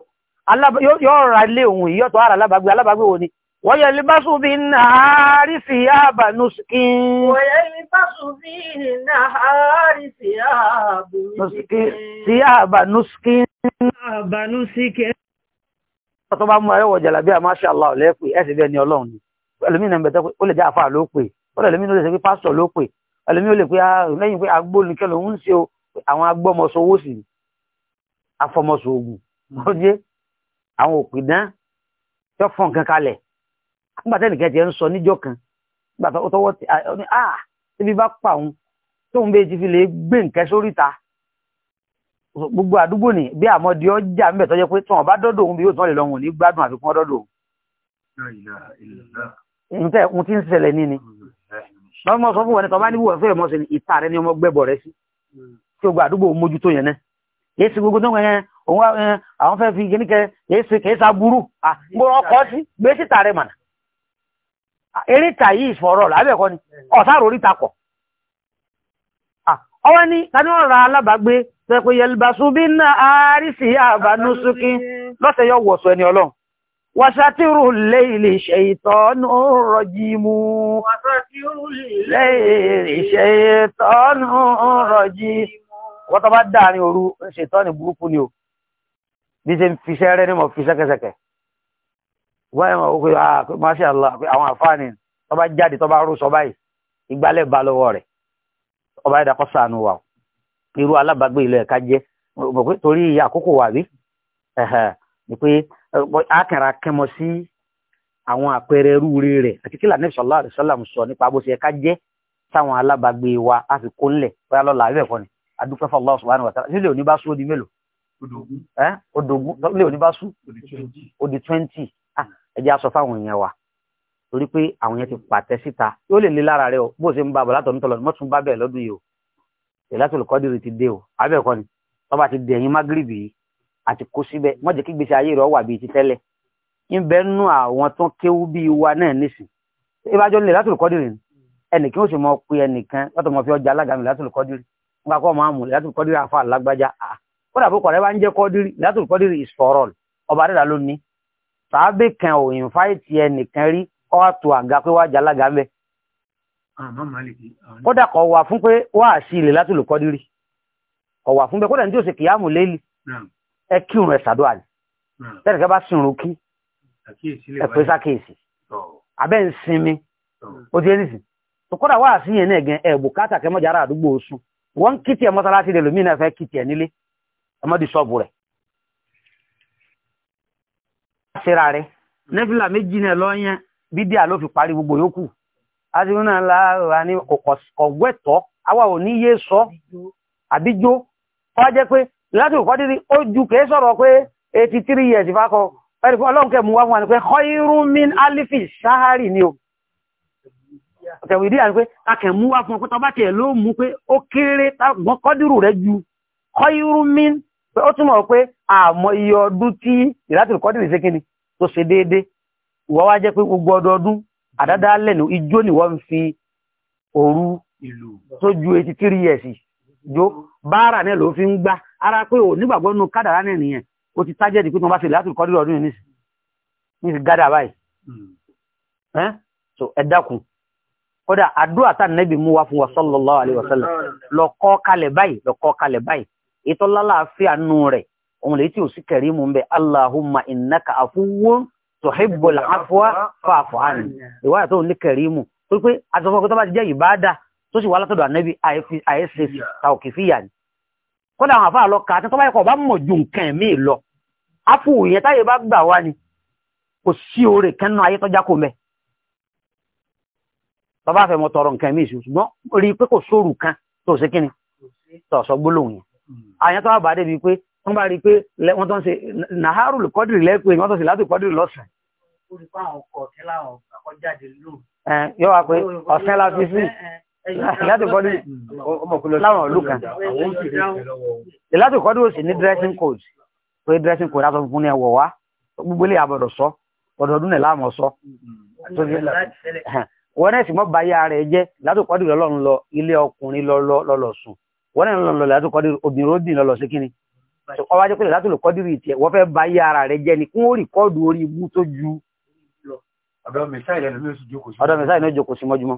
S2: yóò ra ilé òun yìí yọ́tọ̀ ara alábàgbé alábàgbé wo ni wọ́n yẹ lè bá bí nàárí fi ààbànú síkín wọ́n yẹ
S3: lè bá sùn bí nàárí fi ààbànú
S2: síkín ààbànú síkín tó bá mú ẹwọ̀ jàlábíà máṣá Allah lẹ́pẹ̀ ẹ̀sìn bẹ́ẹ̀ ni ọlọ́run ni ẹlòmínà ń bẹ̀tẹ́ ó lè jẹ́ àfà ló pè ó lè lómìnà ó lè ṣe pé pásítọ̀ ló pè ẹlòmí ò lè pé ah, lẹ́yìn pé agbónikẹ́ lòun ń ṣe àwọn agbọ́mọsọ owó ni afọmọsọ ogun lọ́jẹ́ àwọn òpìdán tó fọ́n nǹkan kalẹ̀ nígbàtẹ́ nìkan tiẹ̀ ń sọ níjọ́ kan nígbàtà ó tọwọ́ ti ọdún à níbi ah, bá pa òun tóun bẹ́ẹ̀ ti fi lè gbé nǹkan sóríta gbogbo àdúgbò ni bí àmọ́dé ọjà ń bẹ̀ tọ́jẹ́ pé tí wọ́n bá dọ́dọ̀ òun bí yóò tán lè lọ́wọ́n ní gbádùn àfikún ọdọ́dọ̀ òun. ni. Mm -hmm. na mọ́ sọ fún wọn ní tọ́ bá níbù wọ́n fẹ́rẹ̀ mọ́ ìta rẹ ni ọmọ gbẹ́bọ̀ rẹ sí tí o gba àdúgbò mójútó yẹn náà kìí ṣe gbogbo náà yẹn òun àwọn fẹ́ fi kíníkẹ kìí ṣe kìí ṣàbúrú gbogbo ọkọ̀ sí gbé síta rẹ mọ̀nà eréta yìí ni ọ̀sáàrò oríta ọwọ́ wọ́n ra alábàágbé tẹ́kọ̀ yẹlbàṣubí náà
S3: lọ́sẹ̀ yọ وستر الليل شيطان رجيم وستر الليل شيطان
S2: رجيم wọ́n tó bá dáàrin òru ṣètọ́nì burúkú ni o bí ṣe ń fiṣẹ́ rẹ ní mọ̀ fi ṣẹ́kẹsẹ̀kẹ̀ wọ́n yẹn mọ̀ ó pé ah, masha Allah pé àwọn àfáàní tó bá jáde tó bá rú sọ báyìí ìgbálẹ̀ bá lọ́wọ́ rẹ̀ ọba ẹ̀dá kọ́ sànù wa irú alábàágbé ìlú ẹ̀ka jẹ́ torí àkókò wà rí ni pé akàrà kẹmọ sí àwọn àpẹẹrẹ rúure rẹ̀ àti kí lànà ìṣọ̀lá àdìsọ́làm sọ nípa bó ṣe ká jẹ́ sáwọn alábàgbé wa á fi kó ńlẹ̀ bóyá lọ́la àbẹ̀ kọ́ni adúpẹ́ fọlọ́ subhanahu wa ta'ala sílẹ̀ òní bá sú ó di mélòó odogun sílẹ̀ òní bá sú ó di twenty ah, ẹjẹ́ aṣọ fáwọn èèyàn wa torí pé àwọn yẹn ti pàtẹ síta yóò lè lé lára rẹ o bó ṣe ń ba bọ̀látọ̀ nítọ̀lọ̀ ni mọ́tún bá bẹ̀ lọ́dún yìí o ìlàtòlùkọ́dìrì àti kó síbẹ̀ wọ́n jẹ́ kí gbèsè ayé rẹ̀ wà bíi ti tẹ́lẹ̀ ńbẹ nú àwọn tó kéwú bíi wa náà nísìn ìbájọ́ nílẹ̀ látòlù kọ́dìrì ẹnìkan ó sì mọ pé ẹnìkan látọ̀ mọ́ fi ọjà alága mi látòlù kọ́dìrì ńgbà kọ́ máa mú látòlù kọ́dìrì àfa alágbájá kódà bó kọ̀ọ̀rẹ́ bá ń jẹ́ kọ́dìrì látòlù kọ́dìrì ìsọ̀rọ̀ ọba rẹ̀ ló ní sàábì kan ò ìnfáìtì ẹnìkan rí ọ́ àga pé wájà alága ah, mẹ́ kódà kọ̀ wà fún pé wá ilẹ̀ látòlù kọ́dìrì kọ̀ wà fún pé kódà ní tí ò sì kìyàmù lélì ẹ kírun ẹ ṣàdúrà ni hmm. tẹ́lẹ̀ kẹ́ bá sìnrún kí
S1: ẹ pé sákèsì
S2: abẹ́ ń sinmi ó ti ẹni sìn tó kọ́dà wá sí yẹn náà gan ẹ bùkátà kẹ́ mọ́jà ara àdúgbò sùn wọ́n kí tiẹ̀ mọ́sálásí rẹ̀ lómìnira náà fẹ́ kí tiẹ̀ nílé ẹ mọ́ di ṣọ́ọ̀bù rẹ̀. àṣírà rẹ̀ hmm. nẹ́fìlà méjì náà lọ́yẹn bídíà ló fi parí gbogbo yòókù àdìrún náà láàrá ní ọ̀gbẹ́tọ̀ àwa ò ní yé sọ àbíjó wọ́n jẹ́ pé láti ìkọ́dírí ó ju kèé sọ̀rọ̀ pé 83 years ìfákọ ẹ̀rìfún ọlọ́nkẹ́ mú wá fún wa ní pé khairun min alifi sahari ni o tẹ̀wì ìdí àti pé akẹ̀ mú wá fún ọkútọ́ bá tẹ̀ ló mú pé ó kéré tàgbọ́n kọ́dírù rẹ̀ ju khairun min pé ó túnmọ̀ pé àmọ́ iye ọdún tí ìlàtí ìkọ́dírù ṣe kíni tó ṣe déédé ìwọ́ wá jẹ́ ni wọ́n fi òru tó ju 83 years jó báárà náà ló fi ń gbá ara pé ò nígbàgbọ́ nínú kádàrá náà nìyẹn o ti tájẹ́ di pé wọ́n bá ṣe látùkú kọ́dúrú ọdún yìí ní ti gádà báyìí hmm. ẹ́ so ẹ dákun kódà àdúrà tá nẹ́bì mú wa fún wa sallallahu alaihi wasallam lọ kọ́ kalẹ̀ báyìí lọ kọ́ kalẹ̀ báyìí ètò lálàáfíà nù rẹ̀ òun lè tí ò sí kẹrí mú bẹ Allahumma innaka afuwwun tuhibbul afwa fa'fu anni ìwádìí tó ní kẹrí mú pé pé àtọ́fọ́kọ́ bá ti jẹ́ ìbáadà tó sì wà látọ̀dọ̀ ànẹ́bì àìsèsì tàòkì fìyà ni kódà àwọn àfáà lọ kà á tó bá ẹ̀kọ́ bá mọ̀ ju nǹkan ẹ̀mí lọ áfù yẹn táyé bá gbà wá ni kò sí oore kan náà ayé tọ́já kò mẹ́ bàbá àfẹ́mọ̀ tọrọ nǹkan ẹ̀mí ìṣù ṣùgbọ́n rí i pé kò sóòrù kan tó ṣe kíni tọ̀sọ gbólóhùn yẹn àyàn tó wà débi pé wọ́n bá rí i pé wọ́n tó ń ṣe nàhárù kọ́dìrì lẹ́pẹ́ wọ́n tó ń ṣe látò kọ́dìrì lọ́sàn yóò wá pé ọ̀sẹ̀ la fi sí ìlàtò kọ́dù láwọn ọ̀lú kan ìlàtò kọ́dù sì ní dressing code pé dressing code aṣọ funfun ni ẹ̀wọ̀ wá gbogbo ilé àbọ̀dọ̀ sọ ọ̀dọ̀ ọdún náà láàmú ọ̀sọ́ wọn náà sì mọ́ báyà rẹ̀ jẹ́ ìlàtò kọ́dù lọ́lọ́run lọ ilé ọkùnrin lọ́lọ́ sùn wọn náà lọ́lọ́ ìlàtò kọ́dù obìnrin obìnrin lọ́lọ́ sí kínni ọwọ́ ajẹ́ pé ìlàtò lọ kọ́dù rì tiẹ̀ wọ́n fẹ́ báyà rẹ̀ jẹ́ ni kún ó rìkọ́dù orí ibú tó ju ọ̀dọ̀ mẹ́sáì lẹ́nu ló jókòó sí mọ́júmọ́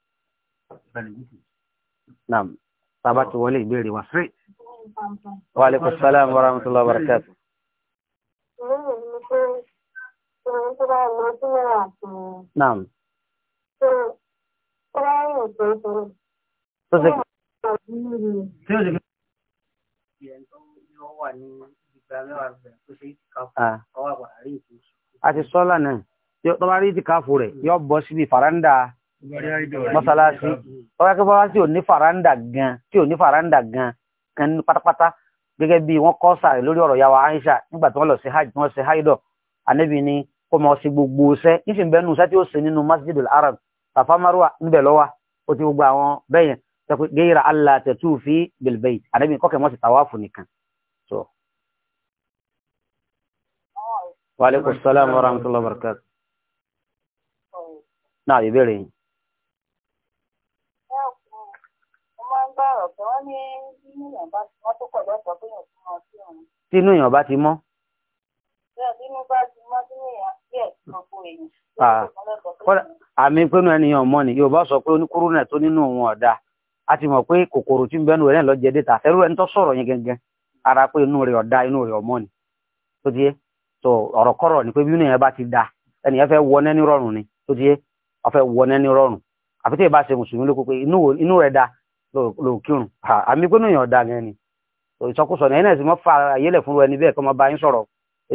S2: Naam, sábà wali wọlé ìbéèrè wa.
S3: Wa alaikum salaam wa rahmatullahi wa barakatuh. Naam. Tó ṣe kí.
S2: Ah. A ti sọ́lá náà, tó bá rí ìtìkáfù rẹ̀, yóò bọ́ síbi fàrándà mọ́sálásí ọ̀rọ̀ akẹ́kọ̀ọ́ wá sí òní faranda gan tí òní faranda gan kan ní pátápátá gẹ́gẹ́ bí wọ́n kọ́ sàrẹ̀ lórí ọ̀rọ̀ yàwó Aisha nígbà tí wọ́n lọ sí hajj wọ́n ṣe haidọ̀ anabi ni kó mọ̀ sí gbogbo ṣẹ́ níṣì bẹ́ẹ̀ nù sátí ó ṣe nínú masjidul arab Safa Marwa níbẹ̀ lọ́wọ́ ó ti gbogbo àwọn bẹ́yẹn tẹ́kọ̀ gẹ́yìrà allah tẹ̀tù fi bilbẹ́yì anabi kọ́kẹ́ mọ́ sí tawafu nìkan. wa alaikum salaam wa rahmatullahi wa náà ìbéèrè yìí.
S3: ní nínú ìyànbá tí wọ́n tó pọ̀ lọ́pọ̀ pé yàn fún ọ sí ọ̀run.
S2: tínú ìyànbá ti mọ́.
S3: bẹ́ẹ̀ bínú bá ti mọ́ sínú ìyàn díẹ̀ gbogbo èyí.
S2: àmì pẹ́nu ẹnìyàn mọ́ ni Yorùbá sọ pé oníkúrú náà tó nínú òun ọ̀dà a ti mọ̀ pé kòkòrò tí ń bẹ́nu rẹ̀ náà lọ jẹ déta ẹrú ẹni tó sọ̀rọ̀ yẹn gẹ́gẹ́ ara pé inú rẹ̀ ọ̀dà inú rẹ̀ ọmọ ni tó ti yé tó ọ̀rọ̀ kọ́rọ̀ ni pé bínú yẹn bá ti da ẹnìyẹn fẹ́ wọ nẹ́ni rọrùn ni tó ti yé ọ fẹ́ wọ nẹ́ni rọrùn àfi tí ì bá ṣe mùsùlùmí lóko pé inú rẹ̀ da ló kírun àmì pé nìyàn ọ̀dà gan ni ìsọkúsọ ní ẹ̀nà ìsìnmọ́ fa ayélẹ̀ fún ẹni bẹ́ẹ̀ kọ́ máa bá yín sọ̀rọ̀ ó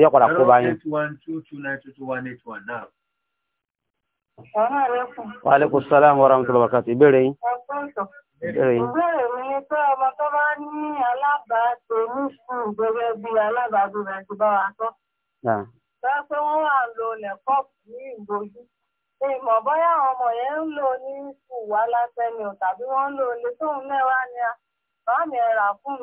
S2: yẹ padà kó bá yín. wa aleykum salaam wa rahmatullahi wa barakatuh ìbéèrè yín.
S3: ìbéèrè mi ni pé ọmọ tó bá ní alábàáṣe ní sùn gẹ́gẹ́ bí alábàáṣe rẹ̀ ti bá wa sọ. bá a pé wọ́n wà lò lẹ́kọ̀ọ́ ní ìgbójú ṣe mọ̀ bóyá àwọn ọmọ yẹn ń lò ní sùn wá lásán ni o tàbí wọ́n ń lò lè tóun náà wá ní a bàá mi rà fún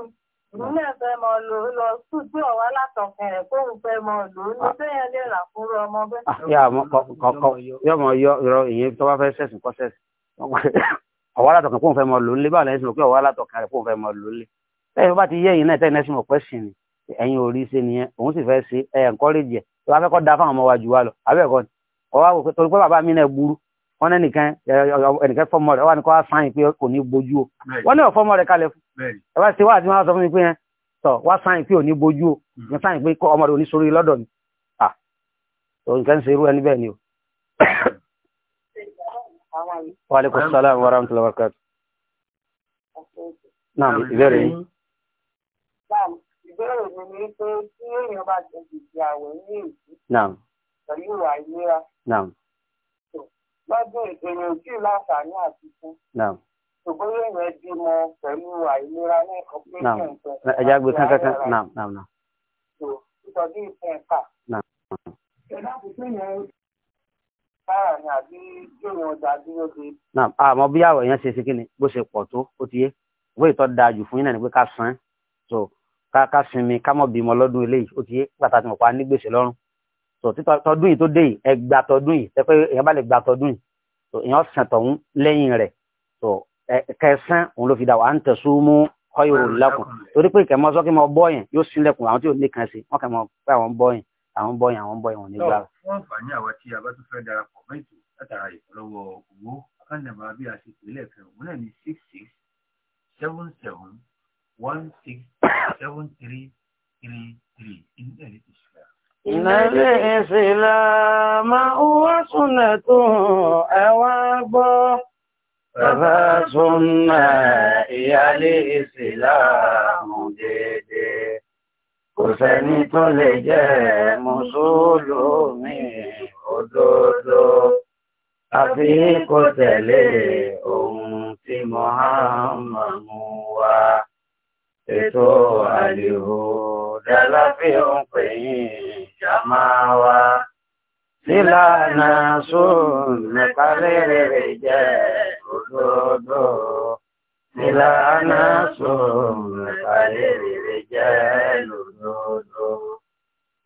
S3: mi òun náà fẹ́ mọ lò ó lọ sùn tí ọ̀wá látọ̀kẹ́ rẹ̀ kóun fẹ́ mọ lò ó ní ah. bẹ́yẹn lè rà fún ọmọ bẹ́ẹ̀. Ah,
S2: yóò mọ yọ irọ ìyẹn tó bá fẹ́ sẹ̀sìn kọ́ sẹ̀sìn ọ̀wá látọ̀kẹ́ kóun fẹ́ mọ lò ó lé báwo lẹ́yìn sí mọ̀ pé rẹ̀ kóun fẹ́ mọ lò ó lé tẹ́yìn bá ti yé ẹ̀yìn náà tẹ́yìn náà sì mọ̀ pẹ́sìn ni nìyẹn òun sì fẹ́ ṣe ẹ̀ ẹ̀ńkọ́rẹ́jì ẹ̀ tó bá fẹ́ kọ́ da fáwọn ọmọ wa jù wá lọ àbẹ́ẹ̀kọ́ ni ọwọ́ àwòkọ́ torí pé bàbá mi náà burú wọ́n ní nìkan ẹnìkan fọ́mọ rẹ̀ wà ní kọ́ sáyìn pé kò ní bojú o wọ́n ní ọ̀fọ́mọ rẹ̀ kalẹ̀ fún ẹ wá sí wá àti wọ́n sọ fún mi pé yẹn tọ̀ wá sáyìn pé ò ní bojú o hmm. ní sáyìn pé ọmọ rẹ̀ ò ní sórí mi à nǹkan ṣe irú ẹni bẹ́ẹ̀ ni o.
S3: wa alaikum
S2: salaam wa rahmatullahi wa barakatuh.
S3: náà ìbéèrè yìí. ìbéèrè mi ni pé tí èèyàn bá jẹ jìjì àwẹ̀ ní èyí lọ́dún ìpinnu tí láǹfààní àti fún. ṣùgbọ́n èèyàn bímọ pẹ̀lú àìlera ní ọ̀pẹ̀lẹ̀ nǹkan. ẹja gbé kankan kan. ìtọ́jú ìfẹ́ ẹ̀ka. ẹ̀dá kò séèyàn láàrin àbí kéèyàn ọjà dúró de.
S2: àmọ́ bí àwọ̀ èèyàn ṣe ṣe kí ni bó ṣe pọ̀ tó ó ti yé owó ìtọ́ da jù fún yín náà ni pé ká san án ká sinmi ká mọ̀ bímọ lọ́dún so tọdún yìí tó dé yìí ẹgbà tọdún yìí tẹpẹ èèyàn bá lè gbà tọdún yìí so èèyàn sàn tọ̀hún lẹ́yìn rẹ̀ so kẹsàn òun ló fi dà wà á ń tẹ̀sú mú khayrul lakum torí pé kẹmọ sọ kí mo bọ́ yẹn yóò sílẹ̀kùn àwọn tí ò ní kan sí wọn kẹmọ pé àwọn bọ́ yẹn àwọn bọ́ yẹn àwọn bọ́ yẹn wọn ní gbà.
S1: wọ́n fà ní àwa tí a bá tún fẹ́ darapọ̀ mẹ́jọ látara ìfọlọ́wọ́ owó akánàmọ́ bí a ṣe pèlè fẹ́ òun náà ní six six seven seven one six seven three three three in ẹ̀rí ti ṣùgbọ́n.
S3: Ìnàlẹ̀ ìsìlámà wá súnà tó ẹwà gbọ́. Bàbá súnà ìyálé ìsìlámù dédé. Kò sẹ́ni tó lè jẹ́ mùsùlùmí òdodo. Àfi kó tẹ̀lé ohun tí Muhammad wá. Ètò àlèhò dálábí òun pè yín samawa sílànà sùn nípa rere jẹ́ òdodo sílànà sùn nípa rere jẹ́ òdodo.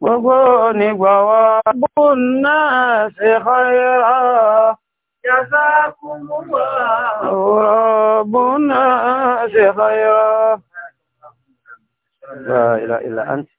S3: Gbogbo onígbọ̀wọ́ bùn náà ṣe kọ́ra. جزاكم الله ربنا خيرا لا إله إلا